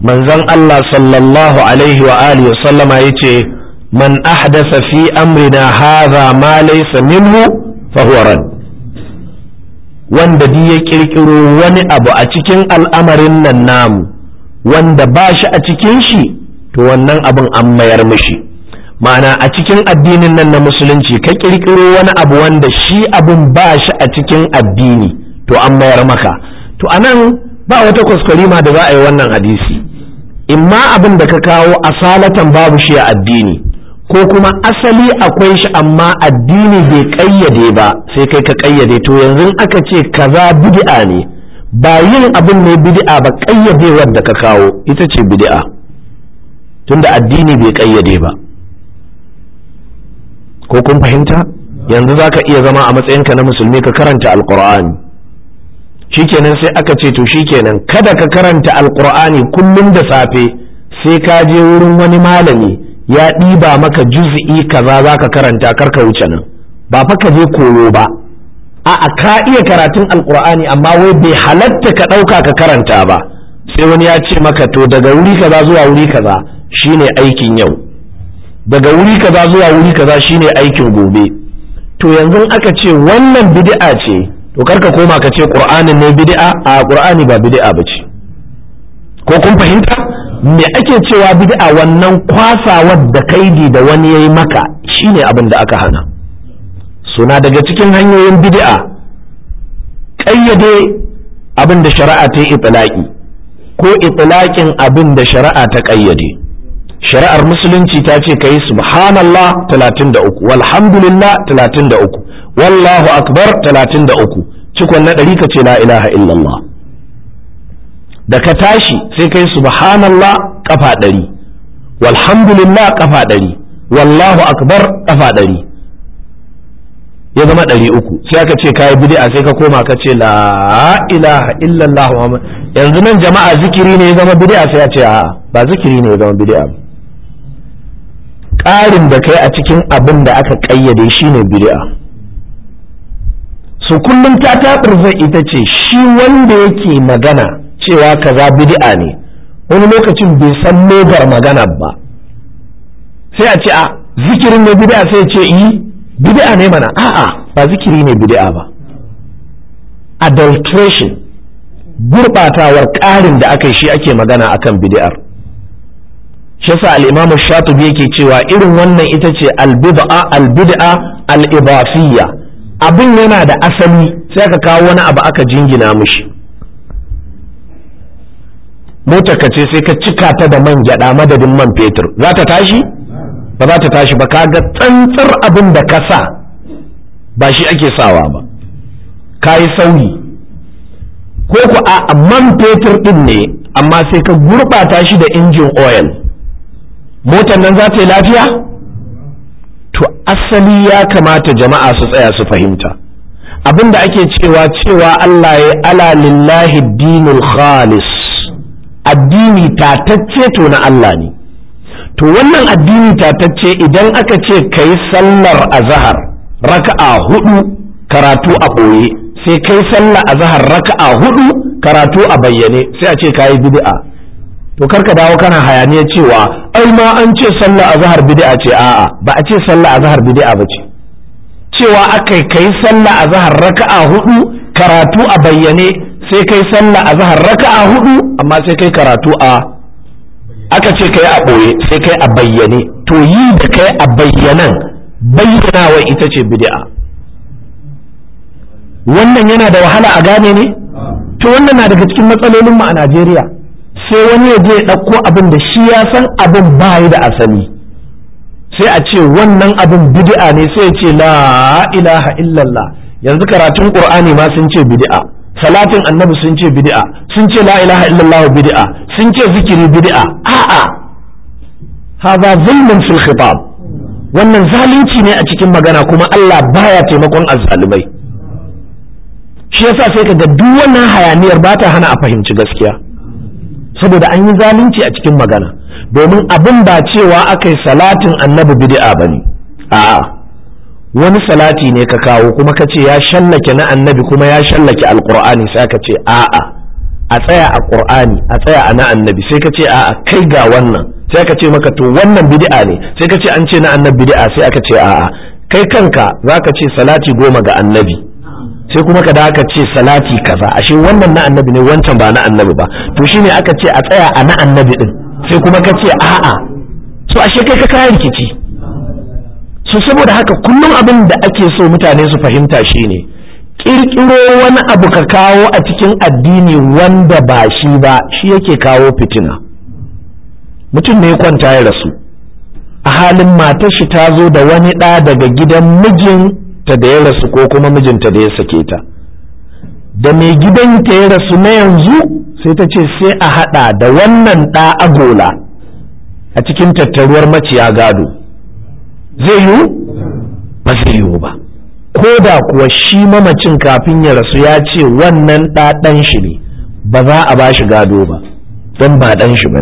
A: manzon Allah sallallahu alaihi wa alihi wa sallama yace man ahdasa fi amrina hadha ma laysa minhu fa wanda di ya kirkiro wani abu a cikin al'amarin nan namu wanda ba shi a cikin shi to wannan abin an mayar mishi ma'ana a cikin addinin nan na musulunci ka kirkiro wani abu wanda shi abun ba shi a cikin addini to an mayar maka to anan ba wata kuskurima da za a yi wannan hadisi imma abin da ka kawo asalatan babu shi a addini ko kuma asali akwai shi amma addini bai ƙayyade ba sai kai ka ƙayyade to yanzu aka ce kaza bid'a ne ba yin abin ne bid'a ba kayyadewar da ka kawo ita ce bid'a tunda addini bai ƙayyade ba ko kun fahimta yanzu za ka iya zama a matsayinka na musulmi ka karanta alkur'ani shikenan sai aka ce to shikenan kada ka karanta alkur'ani kullum da safe sai ka je wurin wani malami ya ɗiba maka juzi'i kaza za ka karanta kar ka wuce nan ba fa ka je koyo ba a'a ka iya karatun alkur'ani amma wai bai halatta ka ɗauka ka karanta ba sai wani ya ce maka to daga wuri kaza zuwa wuri kaza shine aikin yau daga wuri kaza zuwa wuri kaza shine aikin gobe to yanzu aka ce wannan bid'a ce to karka koma ka ce qur'anin ne bid'a a qur'ani ba bid'a ce. ko kun fahimta me ake cewa bid'a wannan kwasawar da kaidi da wani yayi maka shine abin da aka hana suna daga cikin hanyoyin bid'a kayyade abin da shari'a ta yi itlaqi ko itlaƙin abin da shari'a ta kayyade shari'ar musulunci ta ce ka yi subhanallah 33 walhamdulillah 33 wallahu akbar 33 cikon na ɗari ka ce la ilaha illallah da ka tashi sai ka yi subhanallah kafa ɗari walhamdulillah kafa ɗari wallahu akbar kafa ɗari ya zama ɗari uku sai aka ce kayi bid'a sai ka koma ka ce la ilaha illallah yanzu nan jama'a zikiri ne ya zama bid'a sai a ce a'a ba zikiri ne ya zama bid'a ƙarin da kai a cikin abin da aka ƙayyade shine bid'a su kullum ta zai ita ce shi wanda yake magana cewa kaza bid'a ne wani lokacin bai san logar magana ba sai a ce a zikirin ne bid'a sai ce yi bid'a ne mana a'a ba zikiri ne bid'a ba adulteration gurɓatawar ƙarin da aka yi shi ake magana akan bid'ar shi yasa al-imamu shatibi yake cewa irin wannan ita ce al-bid'a al-bid'a abin yana da asali sai ka kawo wani abu aka jingina mushi mota ka ce sai ka cika ta da man gyada madadin man fetur za ta tashi ba za ta tashi ba ka ga tsantsar abin da ka sa ba shi ake sawa ba ka yi sauyi ko ku a man fetur din ne amma sai ka gurɓata shi da injin oil motar nan za ta yi lafiya to asali ya kamata jama'a su tsaya su fahimta abin da ake cewa cewa Allah ya ala lillahi dinul khalis addini tatacce to na Allah ne to wannan addini tatacce idan aka ce ka yi sallar azahar raka'a hudu karatu a ɓoye sai kai sallar azahar raka'a hudu karatu a bayyane sai a ce ka yi bid'a to ka dawo kana hayaniya cewa ai ma an ce sallah azhar bid'a ce a'a ba a ce sallah azhar bid'a ba ce cewa akai kai sallah azhar raka'a hudu karatu a bayyane sai kai sallah azhar raka'a hudu amma sai kai karatu a aka ce kai a boye sai kai a bayyane to yi da kai a bayyanan bayyanawa ita ce bid'a wannan yana da wahala a gane ne to wannan na daga cikin matsalolin mu a Najeriya sai wani ya je ya ɗauko abin da shi ya san abin bayi da asali sai a ce wannan abin bid'a ne sai ya ce la ilaha illallah yanzu karatun qur'ani ma sun ce bid'a salatin annabi sun ce bid'a sun ce la ilaha illallah bid'a sun ce zikiri bid'a a'a hadha zulmun fil khitab wannan zalunci ne a cikin magana kuma Allah baya taimakon azzalumai shi yasa sai kaga duk wannan hayaniyar ba ta hana a fahimci gaskiya saboda an yi zalunci a cikin magana domin abin ba cewa aka yi salatin annabi bid'a ba ne a'a wani salati ne ka kawo kuma ka ce ya shallake na annabi kuma ya shallake alkur'ani sai ka ce a'a a tsaya a qur'ani a tsaya a na annabi sai ka ce a'a kai ga wannan sai ka ce maka to wannan bid'a ne sai ka ce an ce na annabi bid'a sai aka ce a'a kai kanka zaka ce salati goma ga annabi sai kuma ka da ce salati kaza ashe wannan na annabi ne wancan ba na annabi ba to shine aka ce a tsaya a na annabi din sai kuma ka ce a'a so ashe kai ka kayan rikici so saboda haka kullum abin da ake so mutane su fahimta shine kirkiro wani abu ka kawo a cikin addini wanda ba shi ba shi yake kawo fitina mutum ne kwanta ya rasu a halin matar shi ta zo da wani ɗa daga gidan mijin ta da ya rasu ko kuma mijinta da ya sake ta da mai gidanta ya rasu na yanzu sai ta ce sai a haɗa da wannan ɗa agola a cikin tattaruwar maciya gado zai yiwu ba zai yiwu ba ko da kuwa shi mamacin kafin ya rasu ya ce wannan ɗa ɗan shi ne ba za a ba shi gado ba don ba ɗan shi ba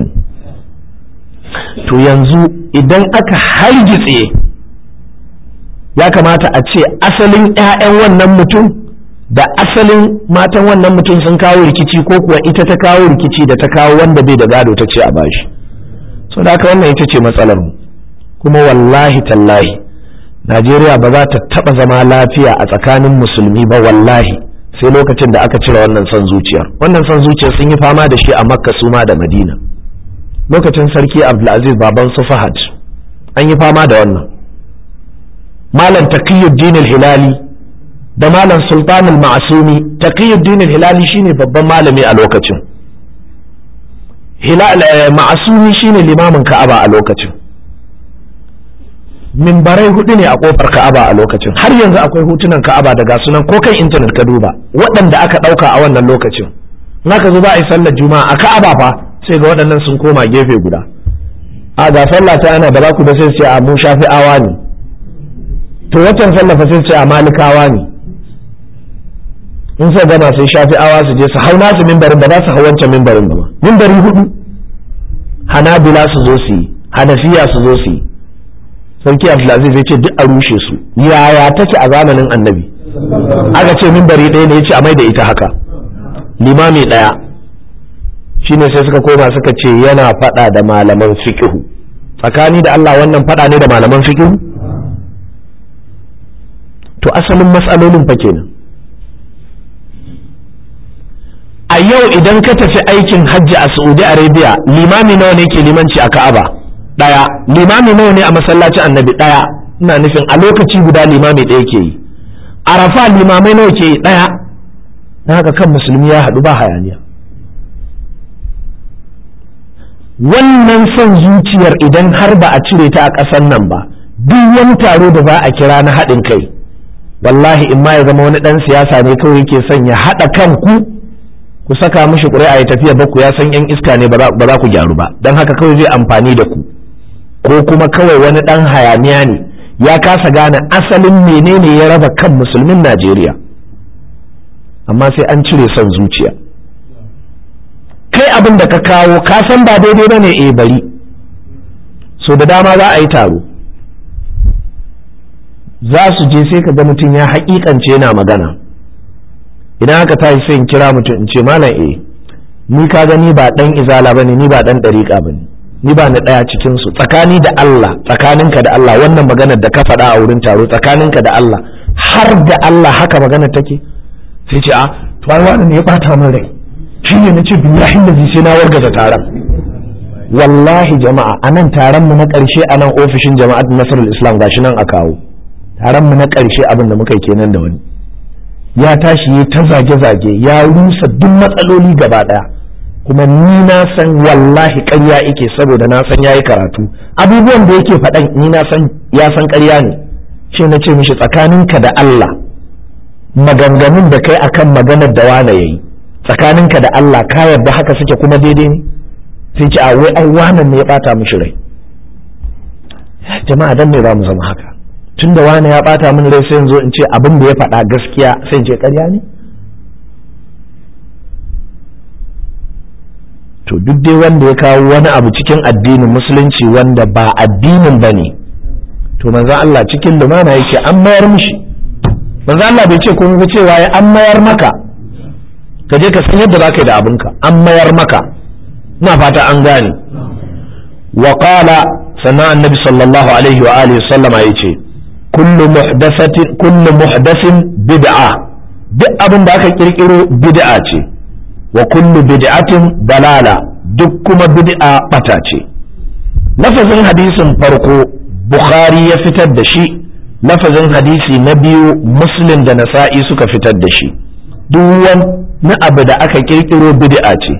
A: to yanzu idan aka hargitse ya kamata a ce asalin 'ya'yan wannan mutum da asalin matan wannan mutum sun kawo rikici ko kuwa ita ta kawo rikici da ta kawo wanda bai da gado ta ce a bashi so da haka wannan ita ce matsalar mu kuma wallahi tallahi najeriya ba za ta taba zama lafiya a tsakanin musulmi ba wallahi sai lokacin da aka cire wannan son zuciyar wannan son zuciyar sun yi fama da shi a makka suma da madina lokacin sarki abdulaziz baban su fahad an yi fama da wannan malam din al-hilali da malam sultan al-ma'sumi din al-hilali shine babban malami a lokacin hilal ma'sumi shine limamin ka'aba a lokacin mimbarai hudu ne a kofar ka'aba a lokacin har yanzu akwai hutunan ka'aba daga sunan ko kan intanet ka duba waɗanda aka ɗauka a wannan lokacin naka zo za a yi sallar juma'a a ka'aba fa sai ga waɗannan sun koma gefe guda a ga sallah ta ana da ba ku da sai a mu shafi'awa ne to watan sallah sai ce a malikawa ne in sai gama shafi awa su je su hau nasu mimbarin ba za su hau wancan mimbarin ba mimbari hudu hanabila su zo su yi hanafiya su zo su yi sarki abdulaziz ya ce duk a rushe su yaya take a zamanin annabi aka ce mimbari ɗaya ne ya ce a mai da ita haka limami ɗaya shi ne sai suka koma suka ce yana faɗa da malaman fiƙihu tsakani da Allah wannan faɗa ne da malaman fiƙihu to asalin matsalolin fa kenan a yau idan ka tafi aikin hajji a saudi arabia limami nawa ne ke limanci a ka'aba ɗaya limami nawa ne a masallacin annabi ɗaya ina nufin a lokaci guda limami ɗaya ke yi arafa limamai nawa ke yi ɗaya na haka kan musulmi ya haɗu ba hayaniya wannan son zuciyar idan har ba a cire ta a ƙasar nan ba duk wani taro da ba a kira na haɗin kai wallahi in ma ya zama wani dan siyasa ne kawai yake son ya haɗa kanku ku saka mishi ƙuri'a ya tafiya ba ku ya san yan iska ne ba za ku gyaru ba don haka kawai zai amfani da ku ko kuma kawai wani dan hayaniya ne ya kasa gane asalin menene ya raba kan musulmin najeriya amma sai an cire son zuciya kai abin da ka kawo kasan ba daidai ba ne eh bari so da dama za a yi taro za su je sai ka ga mutum ya haƙiƙance yana magana idan aka tashi sai in kira mutum in ce malam eh ni ka gani ba dan izala bane ni ba dan dariƙa bane ni ba na ɗaya cikin su tsakani da Allah tsakaninka da Allah wannan maganar da ka faɗa a wurin taro tsakaninka da Allah har da Allah haka maganar take sai ce a to ai wannan ya bata min rai shi ne nace billahi lazi sai na wargaza taron wallahi jama'a anan taron mu na ƙarshe anan ofishin jama'at nasrul islam gashi nan a kawo taron mu na ƙarshe abin da muka yi kenan da wani ya tashi ya ta zage-zage ya rusa duk matsaloli gaba ɗaya kuma ni na san wallahi ƙarya yake saboda na san yayi karatu abubuwan da yake faɗan ni na san ya san ƙarya ne ce na ce mishi tsakaninka da Allah maganganun da kai akan maganar da wane yayi tsakaninka da Allah ka yarda haka suke kuma daidai ne sai ce a wai an wannan ne ya bata mishi rai jama'a dan me za mu zama haka tun da wani ya bata min rai sai yanzu in ce abin da ya faɗa gaskiya sai in ce ƙarya ne to duk dai wanda ya kawo wani abu cikin addinin musulunci wanda ba addinin ba ne to manzan Allah cikin lumana ya ce an mayar mishi manzan Allah bai ce kun ga cewa ya an mayar maka ka je ka san yadda za ka yi da abinka an mayar maka ina fata an gane wa qala sannan annabi sallallahu alaihi wa alihi sallama ya ce kullu muhdasin kullu bid'a duk abin da aka kirkiro bid'a ce wa kullu bid'atin dalala duk kuma bid'a bata ce lafazin hadisin farko bukhari ya fitar da shi lafazin hadisi na biyu muslim da nasa'i suka fitar da shi duk wani abu da aka kirkiro bid'a ce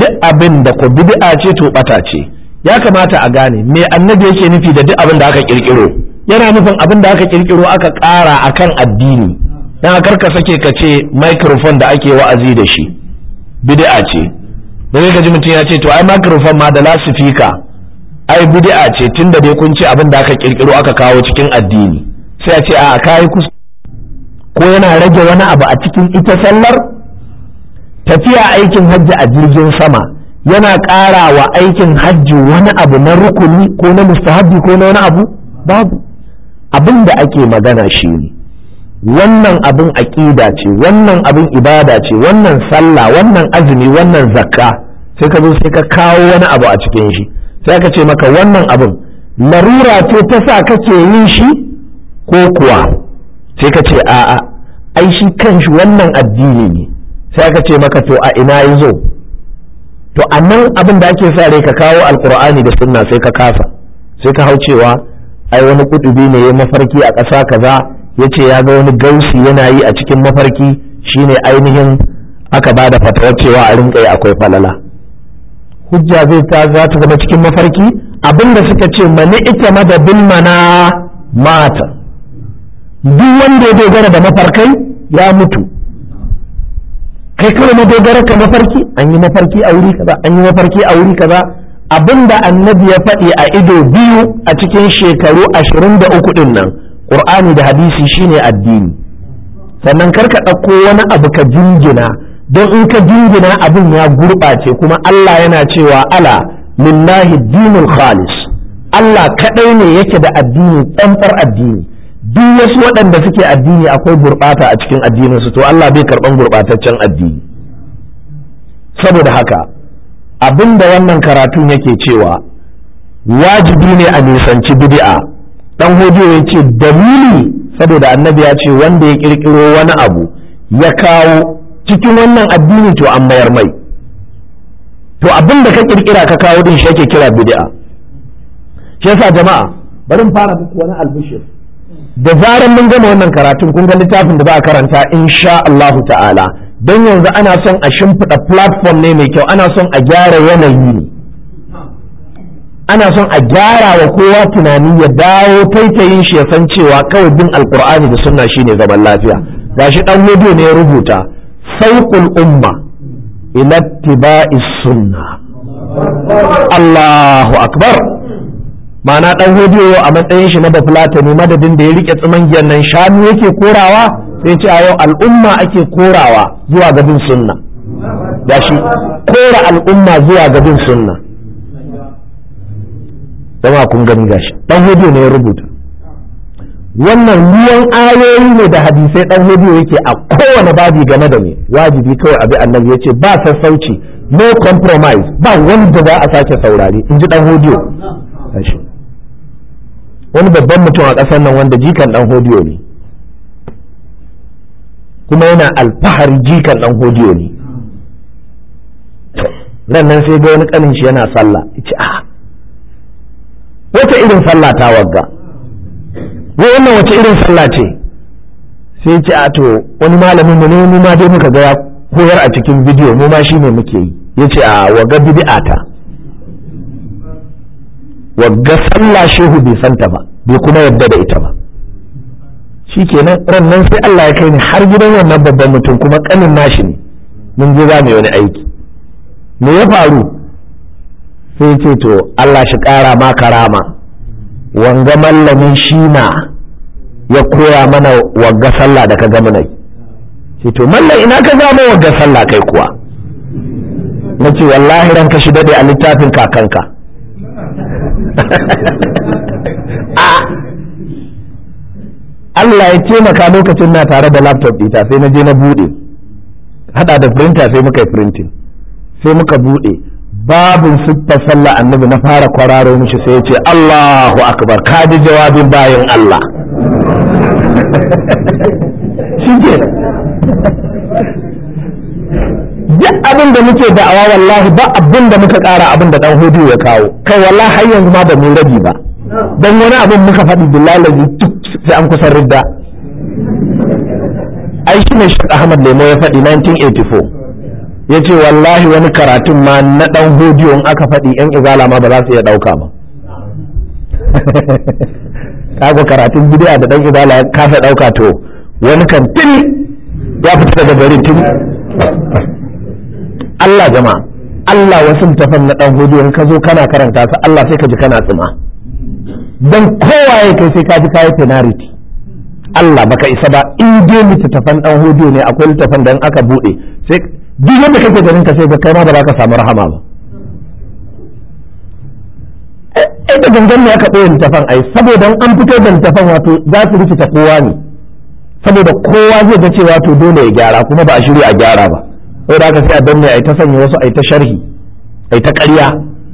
A: duk abin da ko bid'a ce to bata ce ya kamata a gane me annabi yake nufi da duk abin da aka kirkiro yana nufin abin da aka kirkiro aka ƙara kan addini dan karka sake ka ce microphone da ake wa'azi da shi bid'a ce da ka kaji mutum ya ce to ai microphone ma da lasifika ai bid'a ce tunda dai kun ce abin da aka kirkiro aka kawo cikin addini sai a ce a kai kus ko yana rage wani abu a cikin ita sallar tafiya aikin hajji a jirgin sama yana ƙara wa aikin hajji wani abu na rukuni ko na mustahabbi ko na wani abu babu abin da ake magana shi ne wannan abin aƙida ce wannan abin ibada ce wannan sallah wannan azumi wannan zakka sai ka zo sai ka kawo wani abu a cikin shi sai ka ce maka wannan abin larura ce ta sa kake yin shi ko kuwa sai ka ce a'a ai shi kanshi wannan addini ne sai ka ce maka to a ina ya zo to a abin da ake sa rai ka kawo alkur'ani da sunna sai ka kasa sai ka hau cewa ai wani kutubi ne ya mafarki a ƙasa kaza ya ce ya ga wani gausi yana yi a cikin mafarki shine ainihin aka ba da fatawar cewa a rinka yi akwai falala hujja zai ta za ta zama cikin mafarki abinda suka ce mani ita mada mana mata duk wanda ya dogara da mafarkai ya mutu kai kawai madogara ka mafarki an yi mafarki a wuri kaza an yi mafarki a wuri kaza abin da annabi ya faɗi a ido biyu a cikin shekaru ashirin da uku ɗin nan ƙur'ani da hadisi shine addini sannan kar ka ɗauko wani abu ka jingina don in ka jingina abin ya gurɓace kuma Allah yana cewa ala lillahi dinul khalis Allah kaɗai ne yake da addini ɗanfar addini duk wasu waɗanda suke addini akwai gurɓata a cikin addininsu to Allah bai karɓan gurɓataccen addini saboda haka abin da wannan karatun yake cewa wajibi ne a nisanci bid'a dan hodiyo ya ce dalili saboda annabi ya ce wanda ya kirkiro wani abu ya kawo cikin wannan addini to an mayar mai to abin da ka kirkira ka kawo din shi yake kira bid'a shi yasa jama'a bari mu fara muku wani albishir da zaran mun gama wannan karatun kun ga littafin da za a karanta insha Allah ta'ala don yanzu ana son a shimfiɗa platform ne mai kyau ana son a gyara yanayi ne ana son a gyara wa kowa tunani ya dawo taitayin shi ya san cewa kawai bin alkur'ani da sunna shine zaman lafiya gashi dan hudu ne ya rubuta sauƙul umma ila tiba'i sunna Allahu akbar ma'ana dan hudu a matsayin shi na bafulatani madadin da ya rike tsiman giyan nan shanu yake korawa sai ce a yau al'umma ake korawa zuwa ga bin sunna da shi kora al'umma zuwa ga sunna zama kun gani gashi dan hudu ne ya rubuta wannan ruwan ayoyi ne da hadisai dan hudu yake a kowane babi game da ne wajibi kawai abi annabi ce ba sassauci no compromise ba wanda za a sake saurari in ji dan hudu wani babban mutum a ƙasar nan wanda jikan dan hudu ne kuma yana alfahari jikan dan hodiyo ne nan nan sai ga wani kanin shi yana sallah ce a ah, wata irin sallah ta wagga wannan wace irin sallah ce sai ce a ah, to wani malamin mu ne mu ma dai muka ga koyar a cikin bidiyo mu ma shine muke yi yace a ah, wagga bid'a ta wagga sallah shehu bai santa ba bai kuma yadda da ita ba kenan rannan sai Allah ya kai ni har gidan wannan babban mutum kuma kanin nashi ne mun je za mu yi wani aiki me ya faru sai ce to Allah shi kara ma karama wanga mallamin shi na ya koya mana wagga sallah da ka gama nai ce to mallam ina ka gama wagga sallah kai kuwa na ce wallahi ranka shi dade a littafin kakanka Allah ya taimaka lokacin na tare da laptop ɗita sai na je na buɗe hada da printer sai muka yi printing sai muka buɗe babin siffar sallah annabi na fara kwararo mishi sai ya ce Allahu akbar ka ji jawabin bayan Allah shige abin da muke da'awa wallahi ba abin da muka ƙara abin da ɗan hudu ya kawo kai wallahi har yanzu ma ba mu rabi ba don wani abin muka faɗi billahi duk da an kusan ridda ai shi ne Ahmad Lemo ya faɗi 1984 ya ce wallahi wani karatun ma na ɗan hodiyo in aka faɗi yan izala ma ba za su iya ɗauka ba kaga karatun bidiya da ɗan izala ya kasa ɗauka to wani kan tuni ya fita daga garin tuni Allah jama'a Allah wasu mutafan na ɗan hodiyo in ka zo kana karanta su Allah sai ka ji kana tsima don ya kai sai ka ji kayi penalty Allah baka isa ba in dai littattafan dan hudu ne akwai littattafan da aka bude sai duk yadda kake ganin ka sai kai ma ba za ka samu rahama ba ai eh, da gangan ne aka ɓoye littafan ai saboda an fito da littafan wato za su rikita kowa ne saboda kowa zai ga cewa to dole ya gyara kuma ba a shirya a gyara ba da dan sai a danne ai ta sanya wasu ai ta sharhi ai ta ƙarya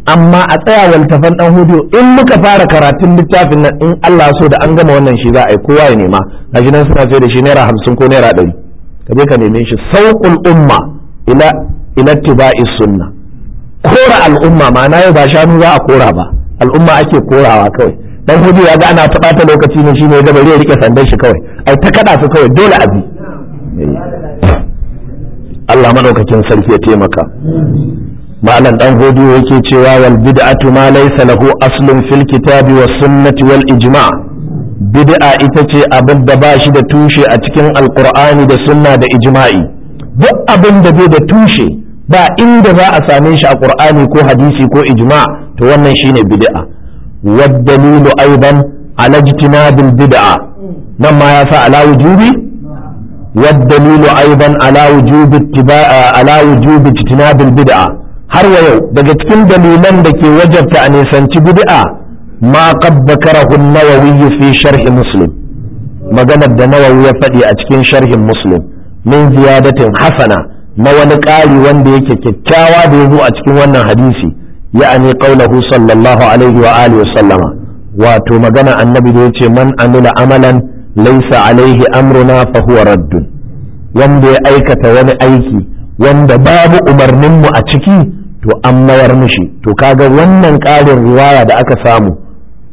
A: amma a tsaya waltafan dan hudu in muka fara karatun littafin nan in Allah so da an gama wannan shi za a yi kowa ya nema gashi nan suna sai da shi naira hamsin ko naira ɗari ka je ka neme shi sauƙul umma ila ila tibai sunna kora al'umma ma'ana yau ba shanu za a kora ba al'umma ake korawa kawai dan hudu ya ga ana faɗa ta lokaci ne shi ne ya bari ya rike sandan shi kawai ai ta kada su kawai dole bi Allah madaukakin sarki ya taimaka malam dan godiyo yake cewa wal bid'atu ma laysa lahu aslun fil kitabi was sunnati wal ijma' bid'a ita ce abin da ba shi da tushe a cikin alqur'ani da sunna da ijma'i duk abin da bai da tushe ba inda za a same shi a qur'ani ko hadisi ko ijma' to wannan shine bid'a wad dalilu aidan ala ijtinabil bid'a nan ma ya sa ala wujubi والدليل أيضا على وجوب اتباع على وجوب اجتناب البدعة har wa yau daga cikin dalilan da ke wajabta a nisanci gudu'a ma qad zakarahu nawawi fi muslim maganar da nawawi ya faɗi a cikin sharhin muslim min ziyadatin hasana na wani ƙari wanda yake kyakkyawa da ya zo a cikin wannan hadisi ya'ani qaulahu sallallahu alaihi wa alihi wa sallama wato magana annabi da yace man amila amalan laysa alaihi amruna fa huwa raddun wanda ya aikata wani aiki wanda babu umarninmu a ciki to an mayar mishi to kaga wannan ƙarin riwaya da aka samu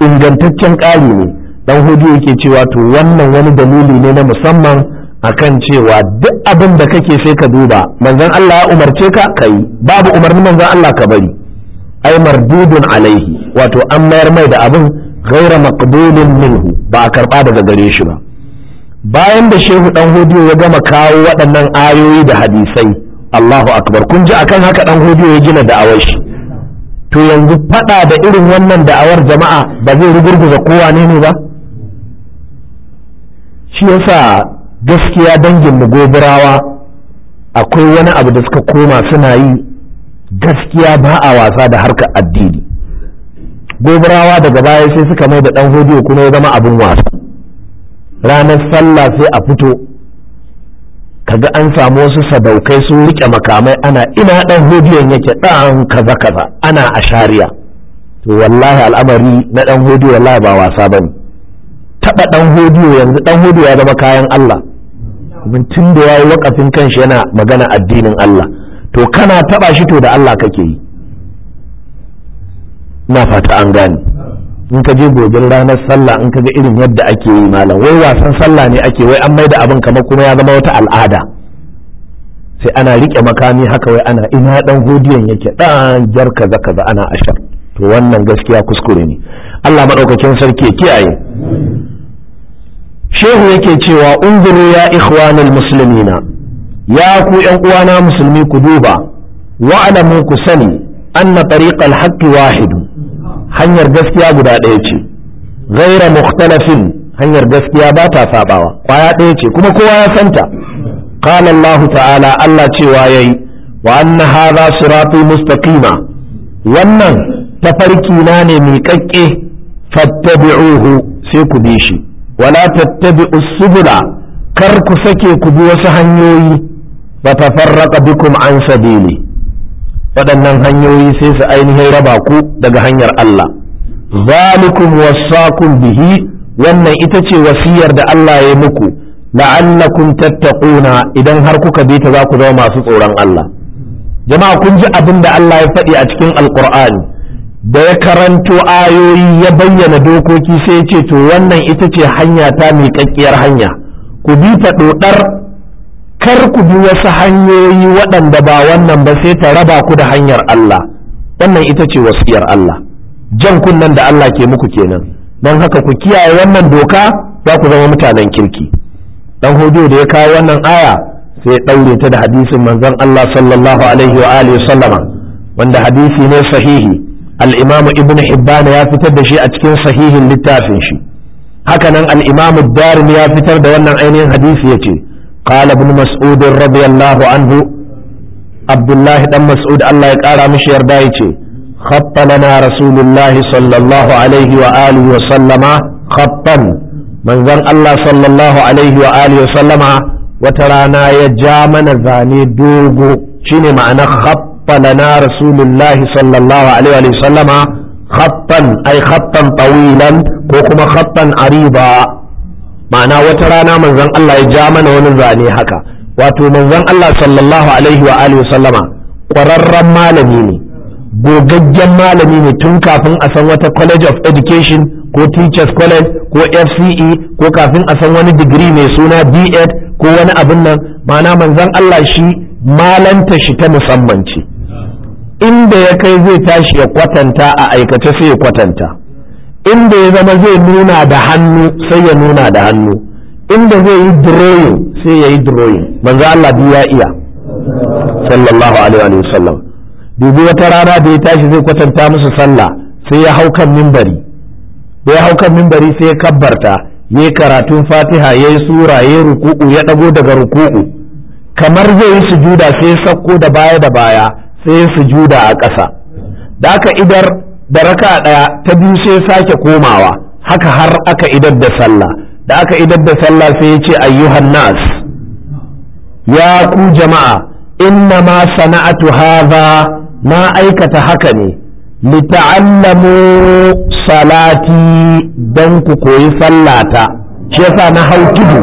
A: ingantaccen ƙari ne dan hudu yake cewa to wannan wani dalili ne na musamman akan cewa duk abin da kake sai ka duba manzon Allah ya umarce ka kai babu umarnin manzon Allah ka bari ai mardudun alaihi wato an mayar mai da abin ghaira maqbulun minhu ba a karba daga gare shi ba bayan da shehu dan hudu ya gama kawo waɗannan ayoyi da hadisai Allahu akbar kun ji akan haka dan hudu ya gina da'awar shi to yanzu fada da irin wannan da'awar jama'a ba zai rugurguza kowa ne ne ba shi yasa gaskiya dangin mu gobirawa akwai wani abu da suka koma suna yi gaskiya ba a wasa da harka addini gobarawa daga baya sai suka mai da dan hudu kuma ya zama abin wasa ranar sallah sai a fito kaga an samu wasu sadaukai sun rike makamai ana ina dan hodiyon yake dan kaza kaza ana ashariya to wallahi al'amari na dan hodiyo wallahi ba wasa bane taba dan hodiyo yanzu dan hodiyo ya zama kayan Allah mun tun da yayi wakafin kanshi yana magana addinin Allah to kana taba shi to da Allah kake yi na fata an gane in ka je gobin ranar sallah in ka ga irin yadda ake yi malam wai wasan sallah ne ake wai an maida abin kamar kuma ya zama wata al'ada sai ana rike makami haka wai ana ina dan godiyan yake dan jar kaza kaza ana ashar to wannan gaskiya kuskure ne Allah madaukakin sarki ya kiyaye shehu yake cewa unzuru ya ikhwanul muslimina ya ku yan uwana musulmi ku duba wa'lamu ku sani anna tariqal haqqi wahidun hanyar gaskiya guda ɗaya ce ghaira mukhtalafin hanyar gaskiya ba ta sabawa kwaya ɗaya ce kuma kowa ya santa qala Allah ta'ala Allah cewa yayi wa anna hadha sirati mustaqima wannan tafarki na ne mai kakke fattabi'uhu sai ku bi shi wala tattabi'u subula kar ku sake ku bi wasu hanyoyi fatafarraqa bikum an sabili waɗannan hanyoyi sai su ainihin raba ku daga hanyar Allah zalikum wasakun bihi wannan ita ce wasiyar da Allah ya muku la'allakum tattaquna idan har kuka bi ta za ku zama masu tsoron Allah jama'a kun ji abin da Allah ya faɗi a cikin alqur'ani da ya karanto ayoyi ya bayyana dokoki sai ya ce to wannan ita ce hanya ta miƙaƙƙiyar hanya ku bi ta ɗoɗar kar ku bi wasu hanyoyi waɗanda ba wannan ba sai ta raba ku da hanyar Allah wannan ita ce wasiyar Allah jan kunnen da Allah ke muku kenan don haka ku kiyaye wannan doka za ku zama mutanen kirki dan hudu da ya kawo wannan aya sai ya daure ta da hadisin manzon Allah sallallahu alaihi wa alihi sallama wanda hadisi ne sahihi al-Imam Ibn Hibban ya fitar da shi a cikin sahihin littafin shi hakanan al-Imam Darimi ya fitar da wannan ainihin hadisi yace قال ابن مسعود رضي الله عنه عبد الله بن مسعود الله يقرا مش يردايتي خط لنا رسول الله صلى الله عليه وآله وسلم خطا من ذن الله صلى الله عليه وآله وسلم وترانا يجامن ذاني دوغو شيني معنى خط لنا رسول الله صلى الله عليه وآله وسلم خطا أي خطا طويلا وكما خطا عريضا ma'ana wata rana manzon Allah ya ja mana wani zane haka wato manzon Allah sallallahu alaihi wa alihi sallama ƙwararren malami ne gogaggen malami ne tun kafin a san wata college of education ko teachers college ko fce ko kafin a san wani digiri mai suna b.ed ko wani abin nan ma'ana manzon Allah shi malanta shi ta musamman ce inda ya kai zai tashi ya kwatanta a aikace sai ya kwatanta inda ya zama zai nuna da hannu sai ya nuna da hannu inda zai yi drawing sai ya yi drawing banza Allah biyu ya iya sallallahu alaihi wa sallam dubi wata rana da ya tashi zai kwatanta musu sallah sai ya hau kan mimbari da ya hau kan sai ya kabbarta ya yi karatun fatiha ya yi sura ya yi ruku'u ya ɗago daga ruku'u kamar zai yi sujuda sai ya sauko da baya da baya sai ya sujuda a ƙasa da aka idar da raka ɗaya ta biyu sai sake komawa haka har aka idar da sallah da aka idar da sallah sai ya ce ayyuhan nas ya ku jama'a inna ma sana'atu hadha na aikata haka ne lita'allamu salati don ku koyi sallata shi yasa na hau tudu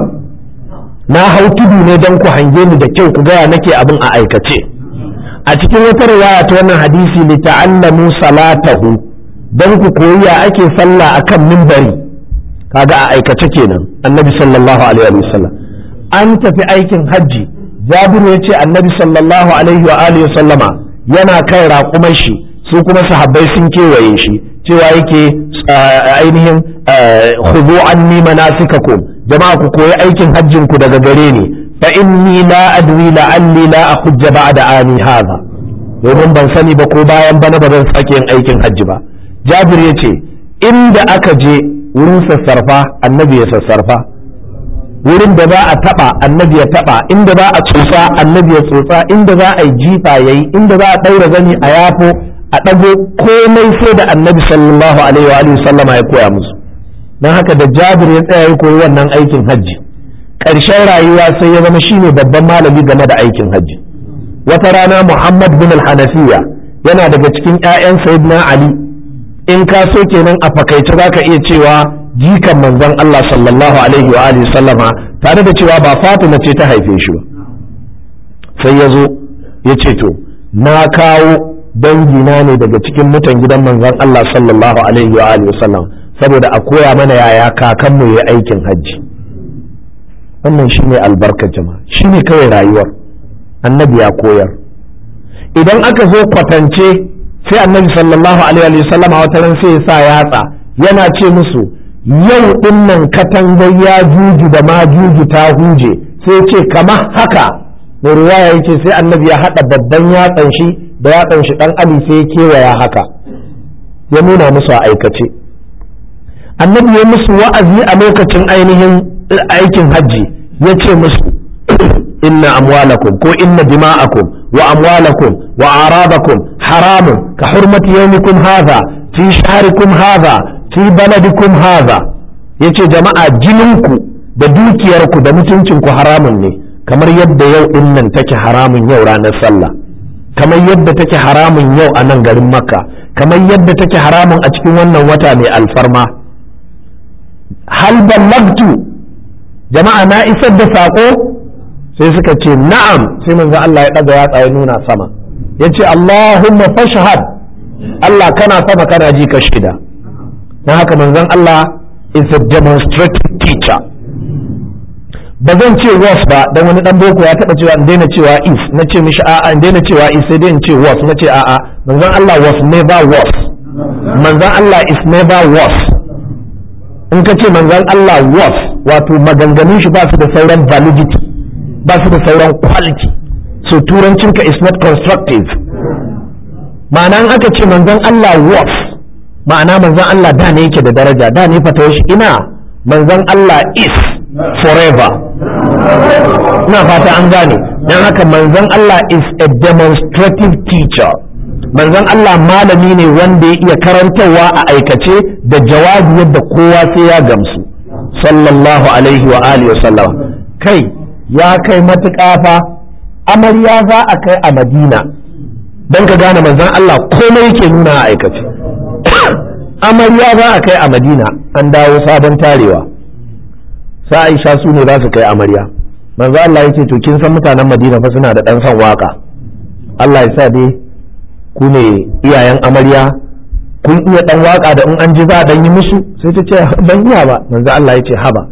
A: na hau tudu ne don ku hange ni da kyau ku gaya nake abin a aikace a cikin wata riwaya ta wannan hadisi li ta'allamu salatahu dan ku koyi ya ake sallah akan minbari kaga a aikace kenan annabi sallallahu alaihi wa an tafi aikin hajji jabiru ya ce annabi sallallahu alaihi wa alihi sallama yana kai raƙumar shi su kuma sahabbai sun kewaye shi cewa yake ainihin eh, khudu'an anni manasikakum jama'a ku koyi aikin hajjin ku daga gare ni fa inni la adwi la alli la akhujja ba'da ami hadha domin ban sani ba ko bayan bana ba zan sake yin aikin hajji ba jabir yace inda aka je wurin sassarfa annabi ya sassarfa wurin da za a taba annabi ya taba inda za a tsotsa annabi ya tsotsa inda za a yi jifa yayi inda za a daura zani a yafo a dago komai sai da annabi sallallahu alaihi wa sallama ya koya musu don haka da jabir ya tsaya ya koyi wannan aikin hajji ƙarshen rayuwa sai ya zama shine babban malami game da aikin hajji wata rana muhammad bin al-hanafiya yana daga cikin 'ya'yan sayyidina ali in ka so kenan a fakaice zaka iya cewa jikan manzon allah sallallahu alaihi wa alihi sallama tare da cewa ba fatima ce ta haife shi ba sai ya zo ya ce to na kawo dangina ne daga cikin mutan gidan manzon allah sallallahu alaihi wa alihi sallama saboda a koya mana yaya kakanmu ya aikin hajji wannan ne albarkar jama'a ne kawai rayuwar annabi ya koyar idan aka zo kwatance sai annabi sallallahu alaihi wa sallam a sai ya sa yatsa yana ce musu yau ɗinnan katangar ya juji da ma juju ta huje sai ce kama haka mai ruwaya yake sai annabi ya haɗa babban yatsan shi da yatsan shi dan ali sai ya kewaya haka ya nuna musu a aikace annabi ya musu wa'azi a lokacin ainihin aikin hajji ya ce musu inna amwalakum ko inna dima'akum wa amwalakum wa arabakum haramun ka hurmati yaumikum hadha fi sharikum hadha fi baladikum hadha yace jama'a jininku da dukiyarku da mutuncinku haramun ne kamar yadda yau din nan take haramun yau ranar sallah kamar yadda take haramun yau a nan garin makka kamar yadda take haramun a cikin wannan wata mai alfarma hal ballagtu jama'a na isar da saƙo sai suka ce na'am sai manzo Allah ya ɗaga yatsa ya nuna sama ya ce Allahumma fashhad Allah kana sama kana ji ka shida na haka manzon Allah is a demonstrative teacher ba zan ce was ba dan wani dan boko ya taba cewa in daina cewa is na ce mishi a'a in daina cewa is sai dai in ce was na ce a'a manzon Allah was never was manzon Allah is never was in ka ce manzon Allah was wato maganganun shi ba su da sauran validity ba su da sauran quality so turancin ka is not constructive ma'ana aka ce manzon Allah waf ma'ana manzon Allah da ne yake da daraja da ne fata shi ina manzon Allah is forever ina fata an gane dan haka manzon Allah is a demonstrative teacher manzon Allah malami ne wanda ya iya karantarwa a aikace da jawabi yadda kowa sai ya gamsu sallallahu alaihi wa alihi wasallam kai ya kai matuƙa fa amarya za a kai a madina don ka gane manzon Allah komai yake nuna a aikace amarya za a kai a madina an dawo sabon tarewa sa aisha su ne za su kai amarya manzo Allah yake to kin san mutanen madina fa suna da ɗan son waka Allah ya sa dai ku ne iyayen amarya kun iya dan waka da in an ji za a dan yi musu sai ta ce ban iya ba manzo Allah ya ce haba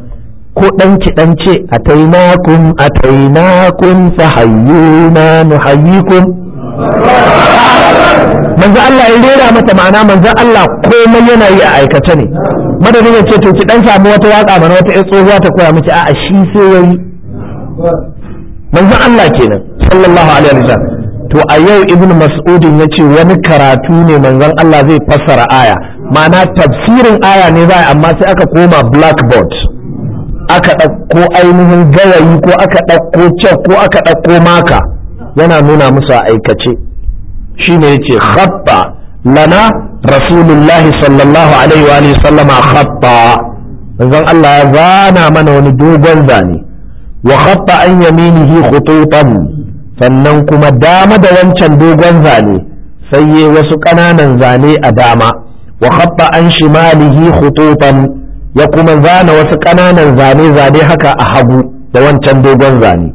A: ko dan ki dan ce atainakum fa hayyuna nuhayyikum manzo Allah ya rera mata ma'ana manzo Allah komai yana yi a aikace ne madadin ya ce to ki dan samu wata waka mana wata tsohuwa ta koya miki a'a shi sai yayi manzo Allah kenan sallallahu alaihi wasallam to a yau ibn mas'udin ya ce wani karatu ne manzon Allah zai fassara aya ma'ana tafsirin aya ne za amma sai aka koma blackboard aka ɗauko ainihin gawayi ko aka ɗauko cek ko aka ɗauko maka yana nuna musu a aikace shine ya ce khabba lana rasulullahi sallallahu alaihi wa sallama khabba manzon Allah ya zana mana wani dogon zane wa khabba an yaminihi khututan sannan kuma dama da wancan dogon zane sai ya wasu ƙananan zane a dama wa khabba an malihi khututan ya kuma zana wasu ƙananan zane zane haka a hagu da wancan dogon zane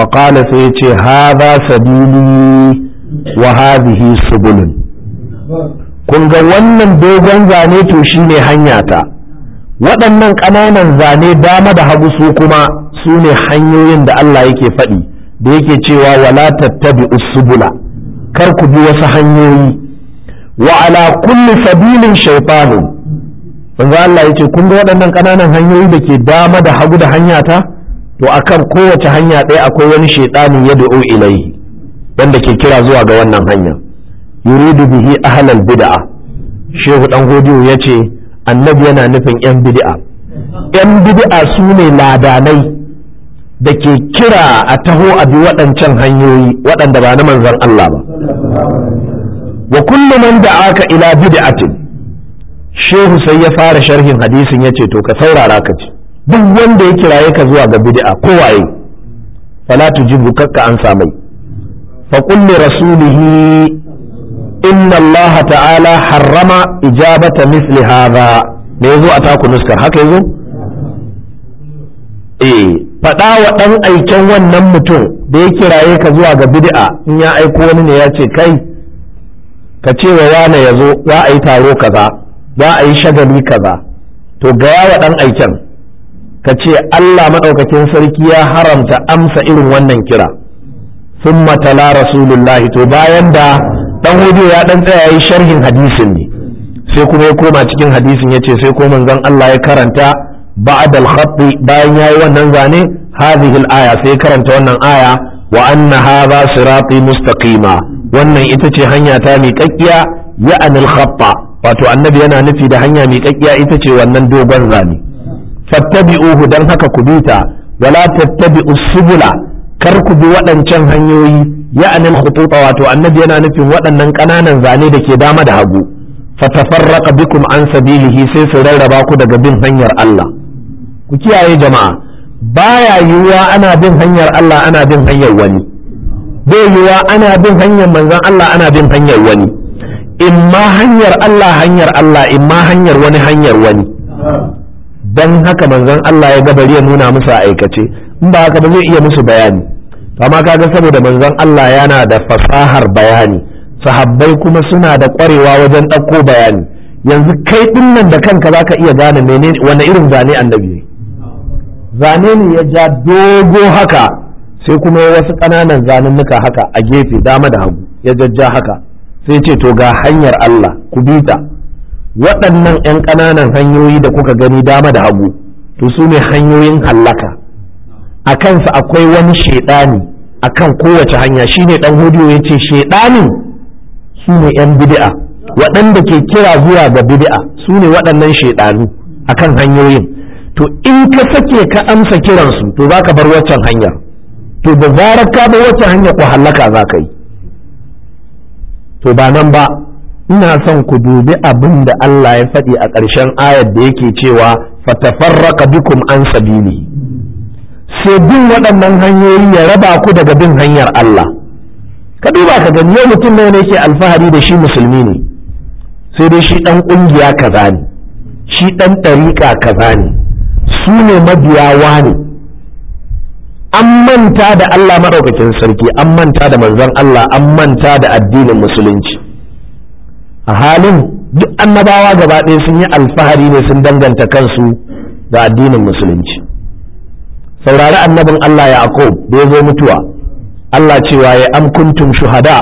A: wa sai ya ce haza sabili wa hadhihi subulun kun ga wannan dogon zane to shi shine ta? waɗannan ƙananan zane dama da hagu su kuma su ne hanyoyin da Allah yake faɗi da yake cewa wala tattabi usubula kar ku bi wasu hanyoyi wa ala kulli sabilin shaytanu manzo Allah yace kun ga waɗannan ƙananan hanyoyi da ke dama da hagu da hanya ta to akan kowace hanya ɗaya akwai wani shaytanin ya da'u wanda ke kira zuwa ga wannan hanya yuridu bihi ahlal bid'a shehu dan godiyo yace annabi yana nufin yan bid'a yan bid'a su ne ladanai da ke kira a taho a bi waɗancan hanyoyi waɗanda ba na manzan Allah ba wa kullum man da aka ila bid'atin shehu sai ya fara sharhin hadisin ya ce to ka saurara ka ci duk wanda ya kiraye ka zuwa ga bid'a kowaye fala tujibu kakka an samai fa kulli rasulihi inna Allah ta'ala harrama ijabata misli hadha me yazo a taku nuskar haka yazo eh faɗa wa ɗan aiken wannan mutum da ya kiraye ka zuwa ga bid'a in ya aiko wani ne ya ce kai ka ce wa wane ya zo za a yi taro kaza za a yi shagali kaza to gaya wa ɗan aiken ka ce Allah maɗaukakin sarki ya haramta amsa irin wannan kira sun matala rasulullahi to bayan da ɗan hudu ya ɗan tsaya yi sharhin hadisin ne sai kuma ya koma cikin hadisin ya ce sai ko manzon Allah ya karanta ba'da al-khatt bayan yayi wannan zane hadhihi al-aya sai karanta wannan aya wa anna hadha sirati mustaqima wannan ita ce hanya miƙaƙƙiya ya'an al wato annabi yana nufi da hanya miƙaƙƙiya ita ce wannan dogon zane fattabi'uhu dan haka ku bi ta wala tattabi'u subula kar ku bi waɗancan hanyoyi ya'an al wato annabi yana nufin waɗannan ƙananan zane da ke dama da hagu fatafarraqa bikum an sabilihi sai su rarraba ku daga bin hanyar Allah ku kiyaye jama'a baya yiwuwa ana bin hanyar Allah ana bin hanyar wani bai yiwuwa ana bin hanyar manzon Allah ana bin hanyar wani In ma hanyar Allah hanyar Allah In ma hanyar wani hanyar wani dan haka manzon Allah ya gabari ya nuna musu a aikace in ba haka ba zai iya musu bayani amma kaga saboda manzon Allah yana da fasahar bayani sahabbai kuma suna da kwarewa wajen ɗauko bayani yanzu kai ɗinnan da kanka zaka iya gane menene wani irin zane annabi ne zane ne ya ja dogo haka sai kuma wasu ƙananan zanunnuka haka a gefe dama da hagu ya jajja haka sai ce to ga hanyar Allah ku bi ta waɗannan 'yan ƙananan hanyoyi da kuka gani dama da hagu to su ne hanyoyin hallaka a kansa akwai wani shaidani a kan kowace hanya Shi ne ɗan hudu ya ce shaidani su ne 'yan bidi'a. waɗanda ke kira zuwa ga bidi'a su ne waɗannan shaidanu a kan hanyoyin to in ka sake ka amsa kiransu to za ka bar waccan hanya to da zarar ka bar waccan hanya ku hallaka za ka yi to ba nan ba ina son ku dubi abin da Allah ya faɗi a ƙarshen ayar da yake cewa fatafarraka bikum an sabili sai bin waɗannan hanyoyi ya raba ku daga bin hanyar Allah ka duba ka gani yau mutum ne yake alfahari da shi musulmi ne sai dai shi ɗan ƙungiya kaza ne shi ɗan ɗariƙa kaza ne su ne mabiyawa ne an manta da Allah maɗaukakin sarki an manta da manzon Allah an manta da addinin musulunci a halin duk annabawa gaba ɗaya sun yi alfahari ne sun danganta kansu da addinin musulunci saurari annabin Allah Yaqub da ya zo mutuwa Allah cewa ya am shuhada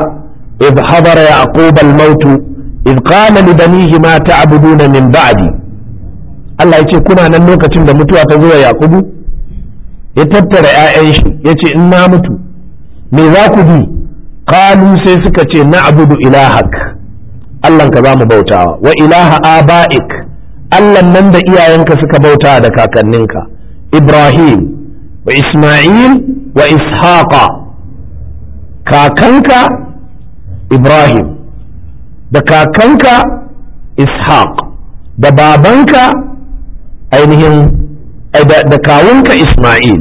A: idh hadara ya al-maut idh qala li banihi ma ta'buduna min ba'adi. Allah ya ce kuna nan lokacin da mutuwa ta zuwa yakubu ya tattara 'ya'yan shi ya ce in na mutu me za ku bi kalu sai suka ce na abudu ilahak Allah ka za mu bautawa wa ilaha aba'ik Allah nan da iyayenka suka bauta da kakanninka Ibrahim wa Ismail wa Ishaqa kakanka Ibrahim da kakanka Ishaq da babanka ainihin da kawunka Ismail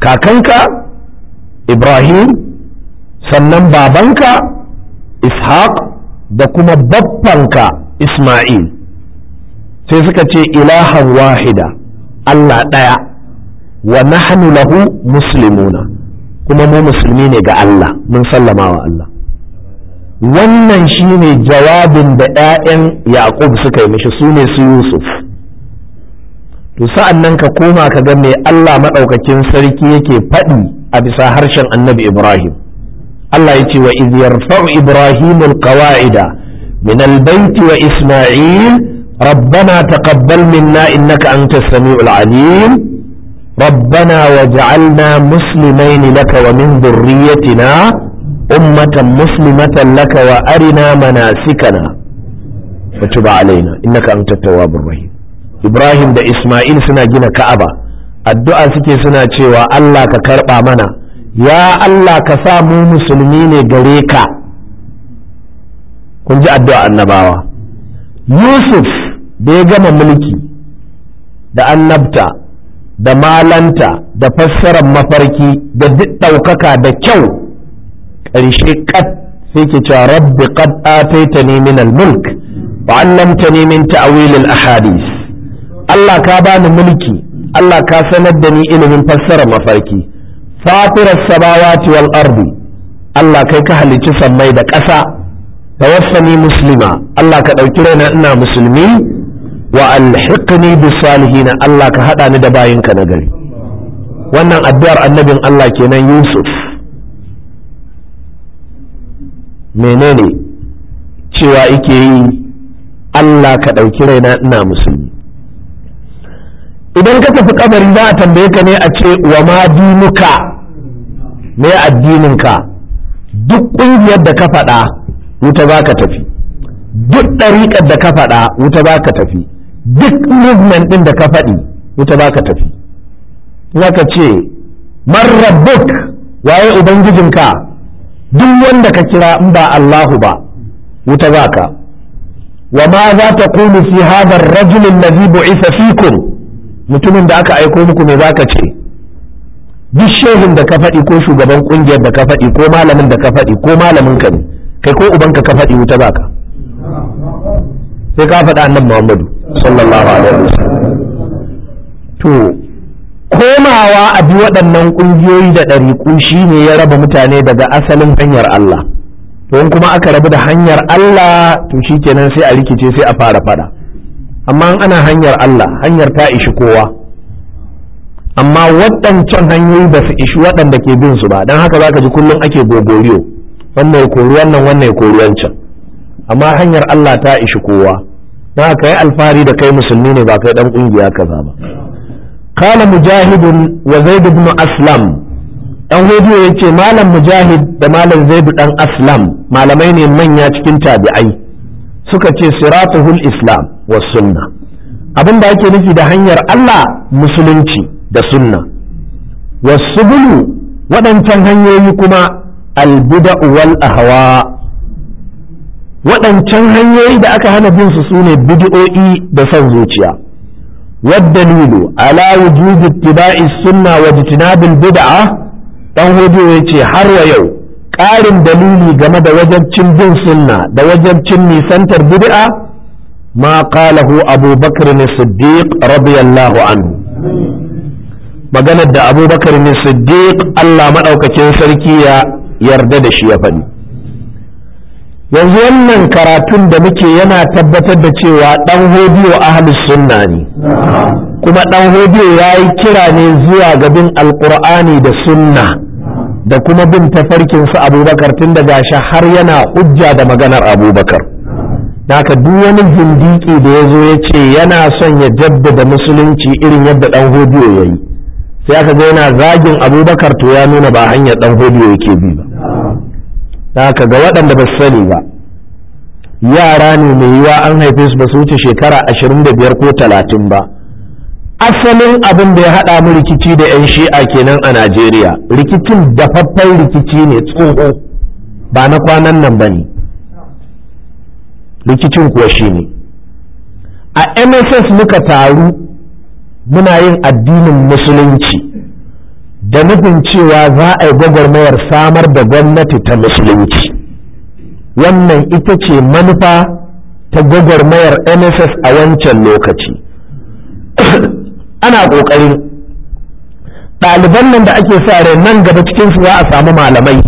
A: kakanka Ibrahim sannan babanka Ishaq da kuma baffanka Ismail sai suka ce ilahan wahida Allah ɗaya wa nahnu lahu muslimuna kuma mu musulmi ne ga Allah mun sallama wa Allah wannan shine jawabin da 'ya'yan Yaqub suka yi mishi su ne su Yusuf to sa’an ka koma ka ga mai Allah maɗaukacin sarki yake faɗi a bisa harshen annabi Ibrahim. Allah ya ce wa idiyar fa’u Ibrahim al min albaiti wa Isma’il, rabbana taqabbal minna innaka anta sami'ul alim rabbana wa ja’alna musulmaini laka wa min zurriyatina ummatan musulmatan laka wa arina manasikana. Ba ci ba alaina, innaka an tattawa burrahim. ibrahim da isma'il suna gina ka'aba addu'a suke suna cewa allah ka karɓa mana ya allah ka sa mu musulmi ne gare ka kun ji addu'a annabawa yusuf da ya gama mulki da annabta da malanta da fassarar mafarki da duk ɗaukaka da kyau ƙarshe kat sai ke cewa rabbi qad ataitani min al-mulk wa 'allamtani min ta'wil al Allah ka bani mulki Allah ka sanar da ni ilimin fassarar mafarki fatirar samawati wal ardi Allah kai ka halicci sammai da ƙasa tawaffani muslima Allah ka ɗauki raina ina musulmi wa alhiqni bi salihin Allah ka haɗa ni da bayinka na gari wannan addu'ar annabin Allah kenan Yusuf menene cewa yake yi Allah ka ɗauki raina ina musulmi idan ka tafi kabari za a tambaye ka ne a ce wa ma dinuka me addininka duk kungiyar da ka faɗa wuta za ka tafi duk ɗariƙar da ka faɗa wuta za ka tafi duk movement ɗin da ka faɗi wuta za ka tafi ka ce man rabbuk waye ubangijinka duk wanda ka kira in ba Allahu ba wuta za ka wa ma za ta kulu fi hadha ar-rajul alladhi bu'itha fikum mutumin da aka aiko muku me zaka ce duk shehin da ka faɗi ko shugaban ƙungiyar da ka faɗi ko malamin da ka faɗi ko malamin ka ne kai ko ubanka ka faɗi wuta baka sai ka faɗa annan muhammadu sallallahu alaihi sallam to komawa a bi waɗannan ƙungiyoyi da ɗariƙu shi ne ya raba mutane daga asalin hanyar Allah to in kuma aka rabu da hanyar Allah to shikenan sai a rikice sai a fara faɗa amma ana hanyar Allah hanyar ta ishi kowa amma waɗancan hanyoyi ba su ishi waɗanda ke bin su ba don haka za ka ji kullum ake gogoriyo wannan ya kori wannan wannan ya kori wancan amma hanyar Allah ta ishi kowa don haka yi alfahari da kai musulmi ne ba kai ɗan ƙungiya kaza ba kala mujahidun wa zaid ibn aslam dan hudu ya ce malam mujahid da malam zaid dan aslam malamai ne manya cikin tabi'ai suka ce siratuhul islam wa sunna abin da ake nufi da hanyar Allah musulunci da sunna wasu bulu waɗancan hanyoyi kuma albuda wal ahwa waɗancan hanyoyi da aka hana bin su sune bid'o'i da son zuciya waddalilu ala wujub ittiba'i sunna wa jitinabil bid'a dan hojo yace har wa yau ƙarin dalili game da wajabcin bin sunna da wajabcin nisantar bid'a ma qalahu Abu Bakr Siddiq radiyallahu anhu maganar da Abubakar ne Siddiq Allah maɗaukacin sarki ya yarda da shi ya faɗi yanzu wannan karatun da muke yana tabbatar da cewa ɗan hodiyo ahlus sunna ne kuma ɗan hodiyo ya yi kira ne zuwa gabin alƙur'ani da sunna da kuma bin tafarkinsu abubakar tun da shi har yana hujja da maganar abubakar haka duk wani zindiki da ya zo ya ce yana son ya jaddada musulunci irin yadda dan hodiyo ya yi sai aka ga yana zagin abubakar to ya nuna ba hanyar dan hodiyo yake bi ba da haka ga waɗanda ba su sani ba yara ne mai yiwa an haife su ba su wuce shekara ashirin da biyar ko talatin ba asalin abin da ya haɗa mu rikici da 'yan shi'a kenan a najeriya rikicin dafaffen rikici ne tsoho ba na kwanan nan ba ne rikicin kuwa ne a mss muka taru muna yin addinin musulunci da nufin cewa za a yi gwagwarmayar samar da gwamnati ta musulunci wannan ita ce manufa ta gwagwarmayar mss a wancan lokaci ana ƙoƙari ɗaliban nan da ake sa rai nan gaba cikinsu za a samu malamai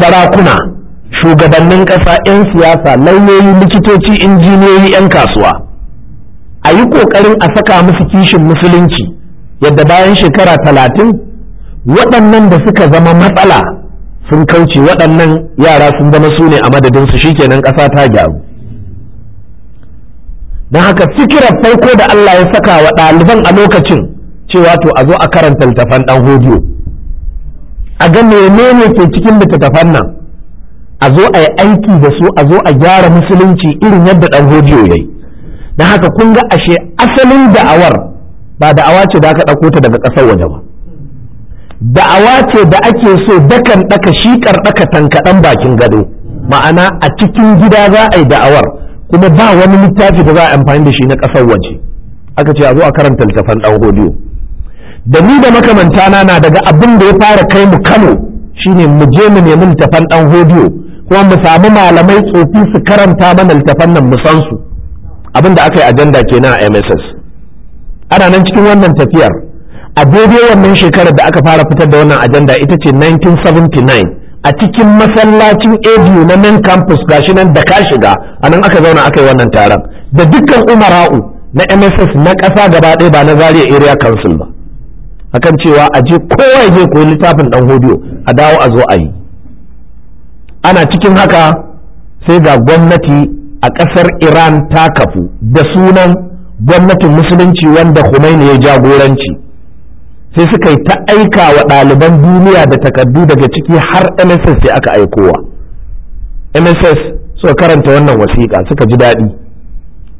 A: sarakuna shugabannin ƙasa 'yan siyasa lauyoyi likitoci injiniyoyi 'yan kasuwa a yi ƙoƙarin a saka musu kishin musulunci yadda bayan shekara talatin waɗannan da suka zama matsala sun kauce waɗannan yara sun zama su ne a madadinsu nan ƙasa ta gyaru don haka fikirar farko da Allah ya saka wa ɗaliban a lokacin cewa to a zo a karanta littafan ɗan hodiyo a ga menene ke cikin littattafan nan a zo a yi aiki da su a zo a gyara musulunci irin yadda dan hodiyo yayi don haka kun ga ashe asalin da'awar ba da'awa ce da aka ɗauko ta daga ƙasar waje ba da'awa ce da ake so dakan ɗaka shiƙar ɗaka tankaɗan bakin gado ma'ana a cikin gida za a yi da'awar kuma ba wani littafi da za a amfani da shi na ƙasar waje aka ce a zo a karanta littafan ɗan hodiyo da ni da makamantana na daga abin da ya fara kai mu kano shine mu je mu nemi littafan ɗan hodiyo kuma mu samu malamai tsofi su karanta mana littafan nan mu san su abin da aka yi ajanda kenan a MSS ana nan cikin wannan tafiyar a daidai wannan shekarar da aka fara fitar da wannan ajanda ita ce 1979 a cikin masallacin ADU na nan campus gashi nan da ka shiga a nan aka zauna aka yi wannan taron da dukkan umara'u na MSS na kasa gaba ɗaya ba na Zaria Area Council ba akan cewa a je kowa ya je koyi littafin dan hodiyo a dawo a zo a yi ana cikin haka sai ga gwamnati a ƙasar iran ta kafu da sunan gwamnatin musulunci wanda Khomeini ya jagoranci sai suka yi ta aika wa ɗaliban duniya da takardu daga ciki har mss sai aka aikowa mss suka karanta wannan wasiƙa suka ji daɗi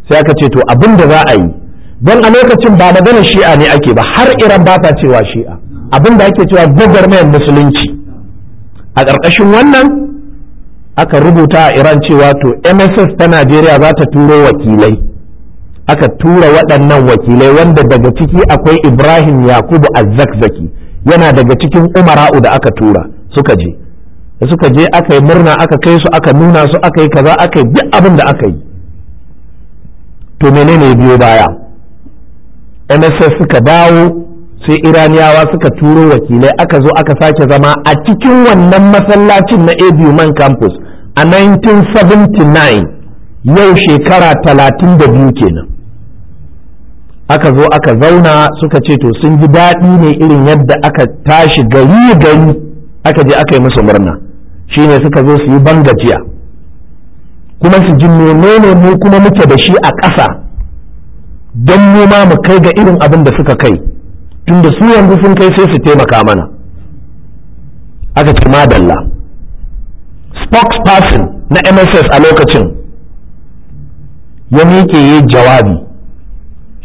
A: sai aka ce to abin da za a yi don a lokacin ba maganar shi'a ne ake ba har iran ba ta cewa shi'a abin da ake cewa gwagwarmayar musulunci a ƙarƙashin wannan aka rubuta a iran cewa to mss ta najeriya za ta turo wakilai aka tura waɗannan wakilai wanda daga ciki akwai ibrahim yakubu azzakzaki yana daga cikin umara'u da aka tura suka je suka je aka yi murna aka kai su aka nuna su aka yi kaza aka yi duk abin da aka yi to menene ne biyo baya mss suka dawo sai iraniyawa suka turo wakilai aka zo aka sake zama a cikin wannan masallacin na abu man campus a 1979 yau shekara 32 kenan aka zo aka zauna suka ce to sun ji daɗi ne irin yadda aka tashi gari gari aka je aka yi musu murna shine suka zo su yi bangajiya kuma su ji menene mu kuma muke da shi a ƙasa don mu ma mu kai ga irin abin da suka kai tunda su yanzu sun kai sai su taimaka mana aka ce madalla spokesperson na mss a lokacin ya miƙe ya jawabi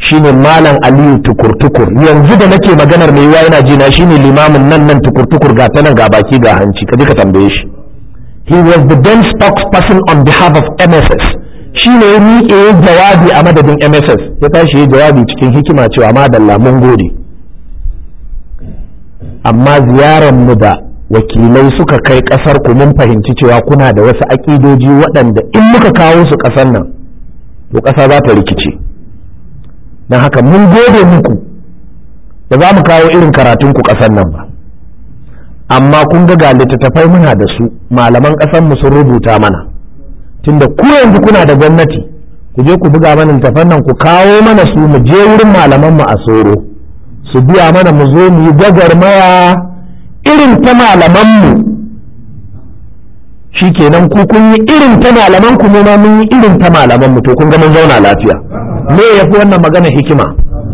A: shine malam aliyu tukur-tukur yanzu da nake maganar mai yiwa yana jina shine limamin nan nan tukur-tukur ga ta nan ga baki ga hanci kaji ka tambaye shi he was the then spokesperson on behalf of mss shine ya miƙe ya jawabi a madadin mss ya tashi ya jawabi cikin hikima cewa madalla mun gode amma ziyarar mu da wakilai suka kai kasar ku mun fahimci cewa kuna da wasu aƙidoji waɗanda in muka kawo su ƙasar nan to ƙasa za ta rikice don haka mun gode muku da za mu kawo irin karatun ku ƙasar nan ba amma kun ga ga littattafai muna da su malaman ƙasar mu sun rubuta mana tunda ku yanzu kuna da gwamnati ku je ku buga mana littattafan nan ku kawo mana su mu je wurin malaman mu a soro su biya mana mu zo mu yi maya irin ta malamanmu shi kenan ku kun yi irin ta malaman ku ma mun yi irin ta malaman mu to kun ga mun zauna lafiya me yafi wannan magana hikima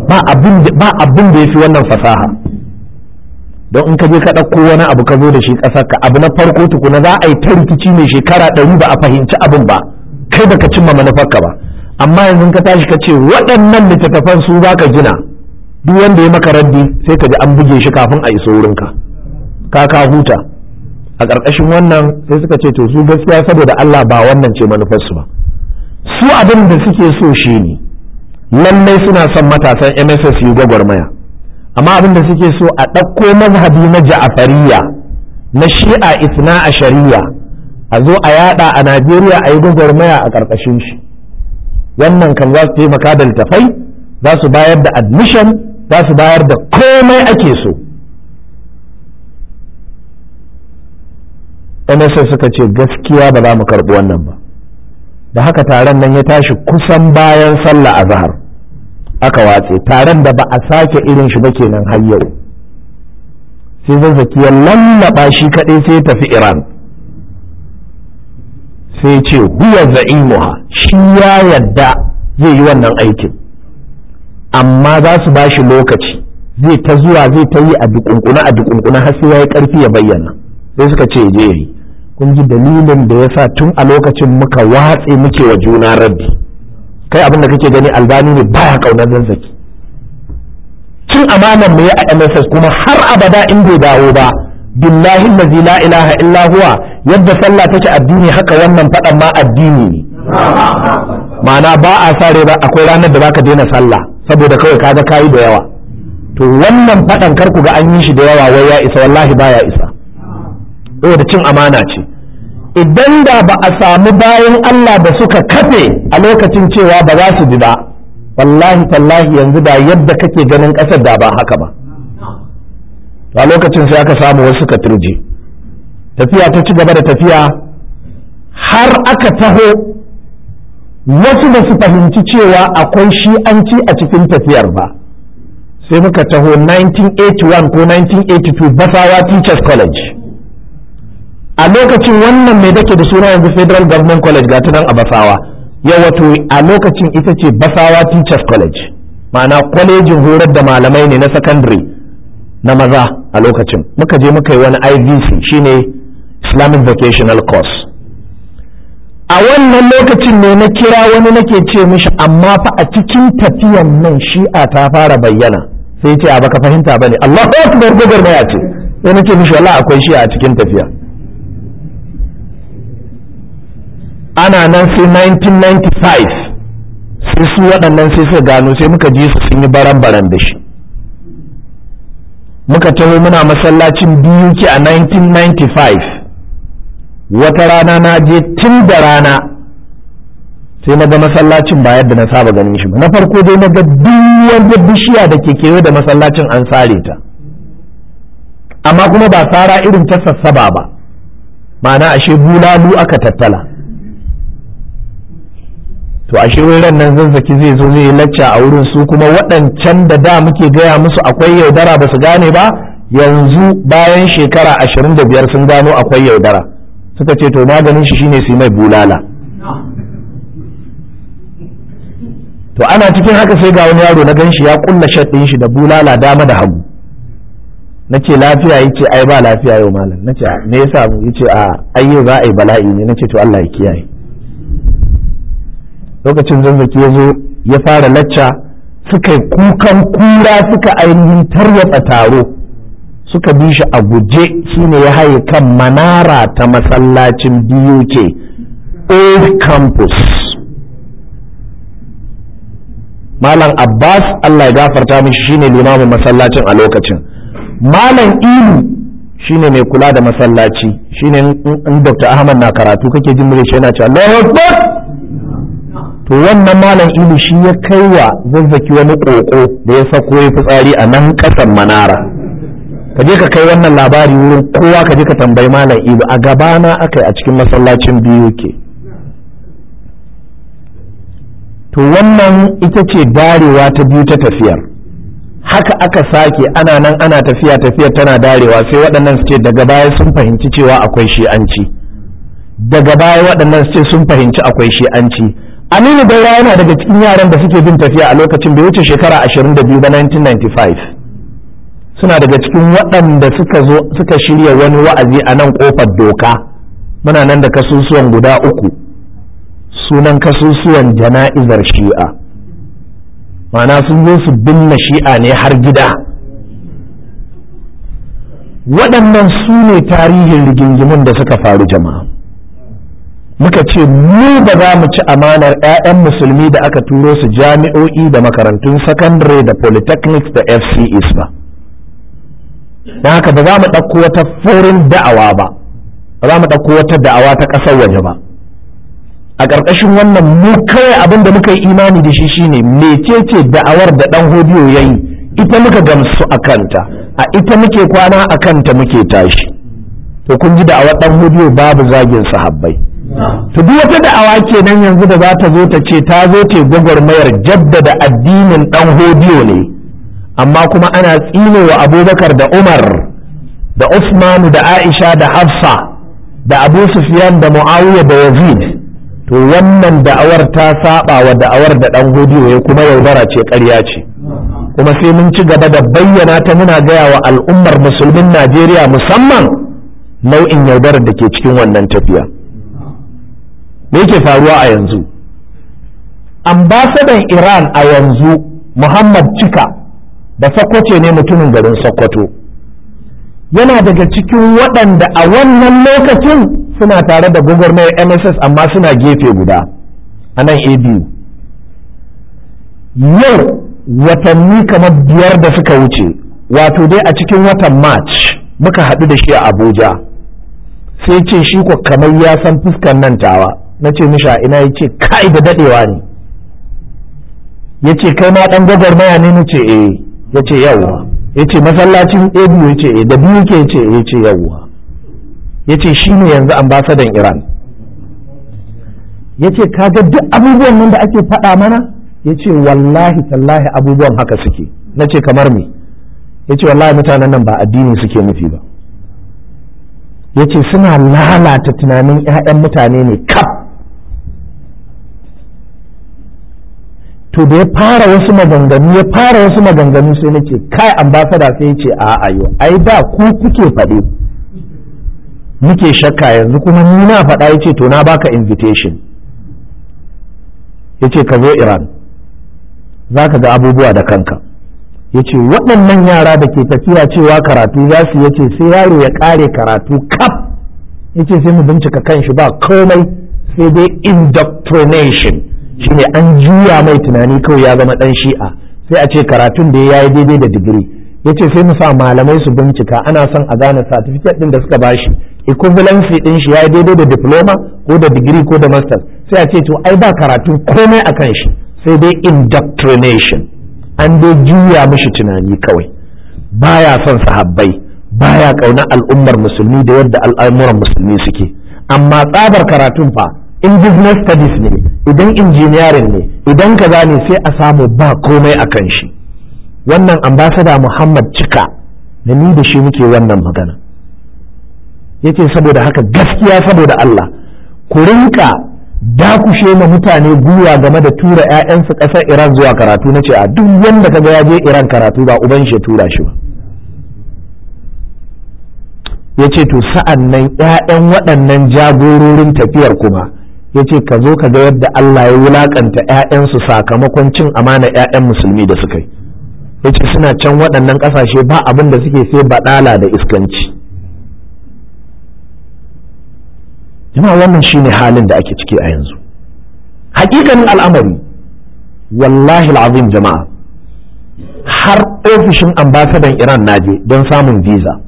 A: ba abin ba abin da yafi wannan fasaha don in ka je ka ɗauko wani abu ka zo da shi ƙasar ka abu na farko tukuna za a yi ta rikici mai shekara ɗari ba a fahimci abin ba kai baka cimma manufarka ba amma yanzu ka tashi ka ce waɗannan littattafan su za ka gina duk wanda ya maka raddi sai ka ji an buge shi kafin a iso wurinka ka ka huta a ƙarƙashin wannan sai suka ce to su gaskiya saboda Allah ba wannan ce manufarsu ba su abin da suke so shi ne lallai suna son matasan MSS yi gwagwarmaya amma abin da suke so a ɗauko mazhabi na ja'afariya na shi'a isna a shari'a a zo a yada a Najeriya a yi gwagwarmaya a ƙarƙashin shi wannan kan za su taimaka da littafai za su bayar da admission za su bayar da komai ake so NSS suka ce gaskiya ba za mu karɓi wannan ba da haka taron nan ya tashi kusan bayan sallah a zahar aka watse taron da ba a sake irin shi ba kenan har yau sai zazzaki ya lallaba shi kaɗai sai tafi iran sai ce huwa za'imuha shi ya yadda zai yi wannan aikin amma za su ba shi lokaci zai ta zuwa zai ta yi a dukunkuna a dukunkuna har sai ya karfi ya bayyana sai suka ce je yi kun ji dalilin da ya sa tun a lokacin muka watse muke wa juna rabi kai abin da kake gani albani ne baya kaunar dan zaki cin amanan mu ya a MSS kuma har abada in bai dawo ba billahi allazi la ilaha illa huwa yadda sallah take addini haka wannan fadan ma addini ne ma'ana ba a sare ba akwai ranar da zaka daina sallah saboda kawai kaga kayi da yawa to wannan faɗan kar ku ga an yi shi da yawa wai ya isa wallahi baya isa saboda cin amana ce idan da ba a samu bayan Allah da suka kafe a lokacin cewa ba za su ji ba wallahi tallahi yanzu da yadda kake ganin ƙasar da ba haka ba a lokacin sai aka samu wasu suka turje tafiya ta ci gaba da tafiya har aka taho wasu ba su fahimci cewa akwai shi an ci a cikin tafiyar ba sai muka taho 1981 ko 1982 basawa teachers college a lokacin wannan mai dake da suna yanzu federal government college ga nan a basawa yau wato a lokacin ita ce basawa teachers college ma'ana kwalejin horar da malamai ne na secondary na maza a lokacin muka je muka yi wani ivc shine islamic vocational course a wannan lokacin ne na kira wani nake ce mishi amma fa a cikin tafiyan nan shi'a ta fara bayyana sai ce a baka fahimta bane Allahu akbar gwagwarmaya ce sai nake mishi wallahi akwai shi'a a cikin tafiya ana nan sai 1995 sai su waɗannan sai suka gano sai muka ji su sun yi baran-baran da shi muka taho muna masallacin biyu a 1995 wata rana na je tun da rana sai na ga masallacin ba yadda na saba ganin shi ba na farko dai na ga duk bishiya da ke kewaye da masallacin an sare ta amma kuma ba sara irin ta sassaba ba ma'ana ashe bulalu aka tattala to ashe wurin nan zanzaki zai zo zai lacca a wurin su kuma waɗancan da da muke gaya musu akwai yaudara ba su gane ba yanzu bayan shekara ashirin da biyar sun gano akwai yaudara suka ce to maganin shi shine su mai bulala to ana cikin haka sai ga wani yaro na ganshi ya kulla shaɗin shi da bulala dama da hagu na ce lafiya ya ce ai ba lafiya yau malam na ce me yasa ya ce a za a yi bala'i ne na ce to Allah ya kiyaye lokacin zanzaki ya zo ya fara lacca suka yi kukan kura suka ainihin tarwatsa taro suka bi shi a guje shine ya haye kan manara ta masallacin BUK old campus malam abbas allah ya gafarta mishi shine limamin masallacin a lokacin malam ilu shine mai kula da masallaci shine in dr ahmad na karatu kake jin mure shi yana cewa allahu akbar to wannan malam ilu shi ya kai wa zazzaki wani koko da ya sako ya fitsari a nan kasan manara ka je ka kai wannan labari wurin kowa ka je ka tambayi malam ibu a gabana aka yi a cikin masallacin biyu ke to wannan ita ce darewa ta biyu ta tafiyar haka aka sake ana nan ana tafiya tafiya tana darewa sai waɗannan su ce daga baya sun fahimci cewa akwai shi'anci daga baya waɗannan su sun fahimci akwai shi'anci aminu bai yana daga cikin yaran da suke bin tafiya a lokacin bai wuce shekara 22 ba 1995 suna daga cikin waɗanda suka zo suka shirya wani wa'azi a nan ƙofar doka muna nan da kasusuwan guda uku sunan kasusuwan jana'izar shi'a ma'ana sun zo su binne shi'a ne har gida waɗannan su ne tarihin rigingimun da suka faru jama'a muka ce mu ba za mu ci amanar 'ya'yan musulmi da aka turo su jami'o'i da makarantun sakandare da polytechnics da fcs ba don haka ba za mu ɗauko wata forin da'awa ba ba za mu ɗauko wata da'awa ta ƙasar waje ba a ƙarƙashin wannan mu kawai abin da muka yi imani da shi shine mecece da'awar da ɗan hobiyo ya yi ita muka gamsu a kanta a ita muke kwana a kanta muke tashi to kun ji da'awar ɗan hobiyo babu zagin sahabbai to duk wata da'awa kenan yanzu da za ta zo ta ce ta zo ce gwagwarmayar jaddada addinin ɗan hobiyo ne amma kuma ana tsinewa abubakar da umar da usmanu da aisha da hafsa da abu sufyan da muawiya da yazid to wannan da'awar ta saba wa da'awar da dan godiyo ya kuma yaudara ce ƙarya ce kuma sai mun ci gaba da bayyana ta muna gaya wa al'ummar musulmin najeriya musamman nau'in yaudarar da ke cikin wannan tafiya me yake faruwa a yanzu ambasadan iran a yanzu muhammad cika ba sakkwace ne mutumin garin sakkwato yana daga cikin waɗanda a wannan lokacin suna tare da gwagwarmayar mss amma suna gefe guda a nan abu yau watanni kamar biyar da suka wuce wato dai a cikin watan march muka haɗu da shi a abuja sai ce shi ko kamar ya san fuskan nan tawa na ce misha ina ya ce kai da daɗewa ne ya ce kai ma ɗan gwagwarmaya ne na ce eh ya ce yawwa ya ce masallacin abu ya ce eh, da biyu ke ce ya ce yawwa ya ce shi ne yanzu ambasadan iran ya ce kaga duk abubuwan nan da ake faɗa mana ya ce wallahi tallahi abubuwan haka suke na ce kamar me ya ce wallahi mutanen nan ba addini suke nufi ba ya ce suna lalata tunanin 'ya'yan mutane ne kaf to da ya fara wasu maganganu ya fara wasu maganganu sai nake kai ambasada sai ya ce a ayo ai da ku kuke faɗi muke shakka yanzu kuma ni na faɗa ya ce to na baka invitation ya ce ka zo iran za ka ga abubuwa da kanka ya ce waɗannan yara da ke tafiya cewa karatu za su ya ce sai yaro ya ƙare karatu kaf ya ce sai mu bincika kanshi ba komai sai dai indoctrination shine an juya mai tunani kawai ya zama ɗan shi'a sai a ce karatun da ya yi daidai da digiri ya ce sai mu sa malamai su bincika ana son a gane certificate din da suka ba shi equivalency ɗin shi ya yi daidai da diploma ko da digiri ko da masters sai a ce to ai ba karatu komai a kan shi sai dai indoctrination an dai juya mishi tunani kawai baya son sahabbai baya kauna al'ummar musulmi da yadda al'amuran musulmi suke amma tsabar karatun fa in business studies ne idan engineering ne idan ka ne sai a samu ba komai a kan shi wannan ambasada muhammad cika da ni da shi muke wannan magana yake saboda haka gaskiya saboda allah ku rinka dakushe ma mutane gwiwa game da tura 'ya'yansu ƙasar iran zuwa karatu na ce a duk wanda kaga ya je iran karatu ba uban shi tura shi ba yace to sa'annan nan ‘ya'yan waɗannan jagororin tafiyar kuma ya ce ka zo ka ga yadda Allah ya wulaƙanta 'ya'yansu sakamakon cin amana 'ya'yan musulmi da suka yi ya ce suna can waɗannan ƙasashe ba abin da suke sai baɗala da iskanci yana wannan shine halin da ake ciki a yanzu hakikanin al'amari wallahi al'azim jama'a har ofishin ambasadan iran naje don samun visa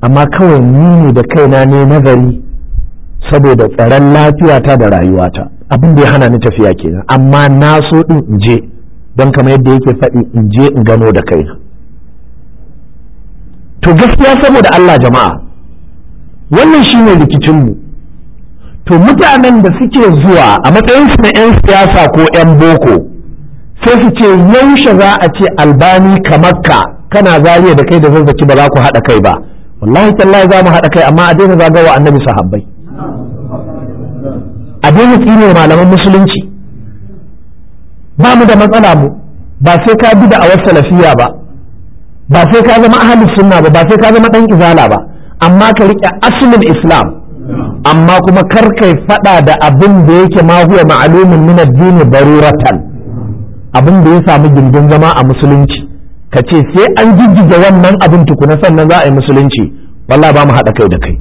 A: amma kawai ni da kaina ne nazari saboda tsaron lafiyata da rayuwata abin da ya hana ni tafiya kenan amma na so din in je don kamar yadda yake faɗi in je in gano da kaina to gaskiya saboda Allah jama'a wannan shine rikicinmu to mutanen da suke zuwa a matsayin su na 'yan siyasa ko 'yan boko sai su ce yaushe za a ce albani kamar ka kana zariya da kai da zazzaki ba za ku haɗa kai ba wallahi tallahi za mu haɗa kai amma a daina zagawa annabi sahabbai abin daina malaman musulunci ba mu da matsala mu ba sai ka bi da awar salafiya ba ba sai ka zama ahalin sunna ba ba sai ka zama dan izala ba amma ka riƙe asulin islam amma kuma kar kai fada da abin da yake ma huwa ma'lumun min addini daruratan abin da ya samu gindin zama a musulunci ka ce sai an jijjiga wannan abin tukuna sannan za a yi musulunci wallahi ba mu haɗa kai da kai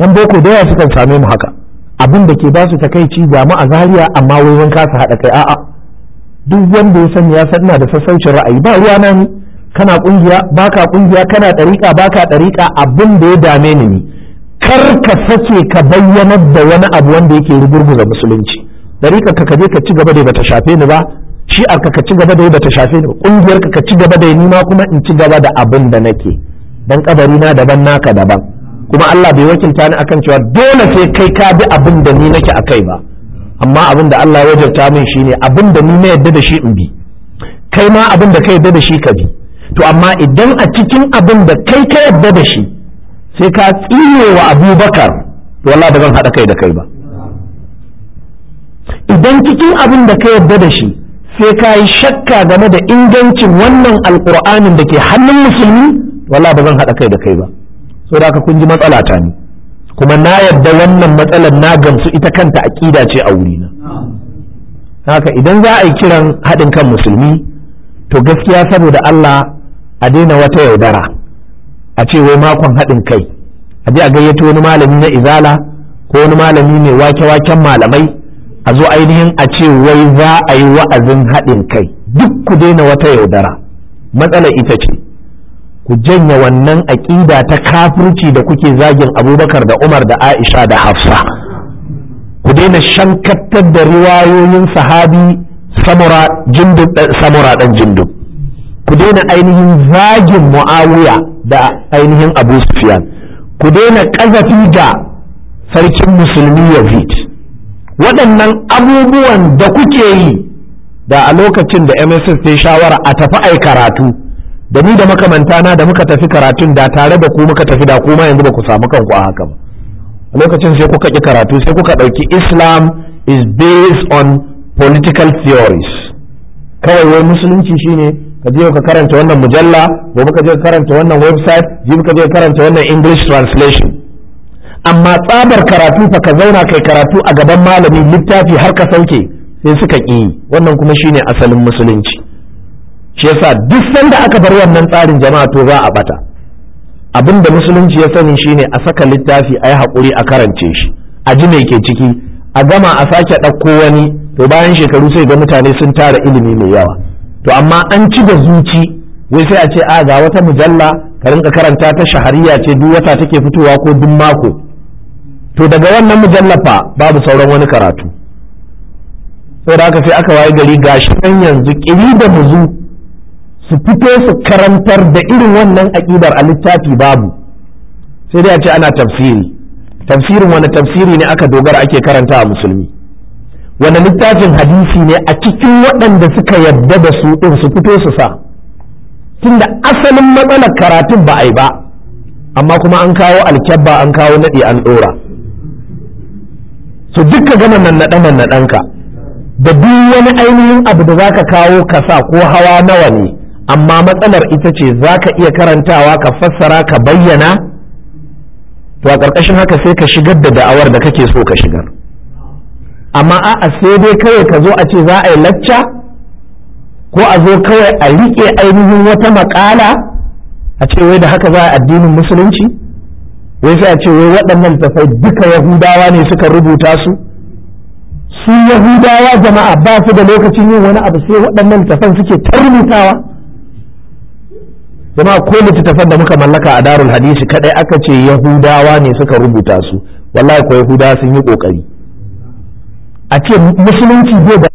A: yan boko da yawa sukan same mu haka abin da ke ba su takaici ga mu a zariya amma wai kasa haɗa kai a'a duk wanda ya sani ya san ina da sassaucin ra'ayi ba ruwa na ni kana kungiya baka kungiya kana dariƙa baka dariƙa abin da ya dame ni kar ka sace ka bayyanar da wani abu wanda yake rugurguza musulunci dariƙa ka kaje ka ci gaba da bata shafe ni ba shi aka ka ci gaba da bata shafe ni kungiyar ka ka ci gaba da ni ma kuma in ci gaba da abin da nake dan kabari na daban naka daban kuma Allah bai wakilta ni akan cewa dole sai kai ka bi abin da ni nake akai ba amma abin da Allah ya jarta min shine abin da ni na yadda da shi in bi kai ma abin da ka yadda da shi ka bi to amma idan a cikin abin da kai ka yadda da shi sai ka tsine wa Abubakar to wallahi ba zan hada kai da kai ba idan cikin abin da ka yadda da shi sai ka yi shakka game da ingancin wannan alkur'anin da ke hannun musulmi wallahi ba zan hada kai da kai ba saboda ka kun ji matsala ta ne kuma na yadda wannan matsalar na gamsu ita kanta aqida ce a wurina haka idan za a yi kiran haɗin kan musulmi to gaskiya saboda Allah a daina wata yaudara a ce wai makon haɗin kai a je a gayyato wani malami na izala ko wani malami mai wake-waken malamai a zo ainihin a ce wai za a yi wa'azin haɗin kai duk ku daina wata yaudara matsalar ita ce ku janya wannan aƙida ta kafirci da kuke zagin abubakar da umar da aisha da hafsa ku daina shankatar da riwayoyin sahabi samura eh, ɗan jindu ku daina ainihin zagin muawiya da ainihin abu sufyan ku daina ƙazafi da sarkin musulmi yazid waɗannan abubuwan da kuke yi da a lokacin da mss ta shawara a tafi ai karatu da ni da makamanta na da muka tafi karatun da tare da ku muka tafi da kuma yanzu ba ku samu kanku a haka ba a lokacin sai kuka ki karatu sai kuka ɗauki islam is based on political theories kawai wai musulunci shine ka je ka karanta wannan mujalla ko ka je ka karanta wannan website ji ka je ka karanta wannan english translation amma tsabar karatu fa ka zauna kai karatu a gaban malami littafi har ka sauke sai suka ƙi wannan kuma shine asalin musulunci shi yasa duk sanda aka bar wannan tsarin jama'a to za a bata abin da musulunci ya sani shine a saka littafi a yi haƙuri a karance shi a ji mai ke ciki a gama a sake ɗauko wani to bayan shekaru sai ga mutane sun tara ilimi mai yawa to amma an ci da zuci wai sai a ce a ga wata mujalla ka rinka karanta ta shahariya ce duk wata take fitowa ko duk mako to daga wannan mujallafa babu sauran wani karatu saboda haka sai aka waye gari gashi nan yanzu kiri da muzu su fito su karantar da irin wannan aƙidar a littafi babu sai dai a ce ana tafsiri tafsirin wani tafsiri ne aka dogara ake karanta a musulmi wani littafin hadisi ne a cikin waɗanda suka yarda da su ɗin su fito su sa tunda asalin matsalar karatun ba a yi ba amma kuma an kawo alkyabba an kawo naɗi an ɗora su duka gama nannaɗe-nannaɗenka da duk wani ainihin abu da za ka kawo kasa ko hawa nawa ne amma matsalar ita ce za ka iya karantawa ka fassara ka bayyana to a ƙarƙashin haka sai ka shigar da da'awar da kake so ka shigar amma a'a sai dai kawai ka zo a ce za a yi lacca ko a zo kawai a riƙe ainihin wata maƙala a ce wai da haka za a addinin musulunci wai sai a ce wai waɗannan tafai duka yahudawa ne suka rubuta su su yahudawa jama'a ba su da lokacin yin wani abu sai waɗannan tafan suke ta rubutawa kuma ko littattafan da muka mallaka a darul hadisi kadai aka ce yahudawa ne suka rubuta su wallahi ko yahudawa sun yi kokari a ce musulunci bai da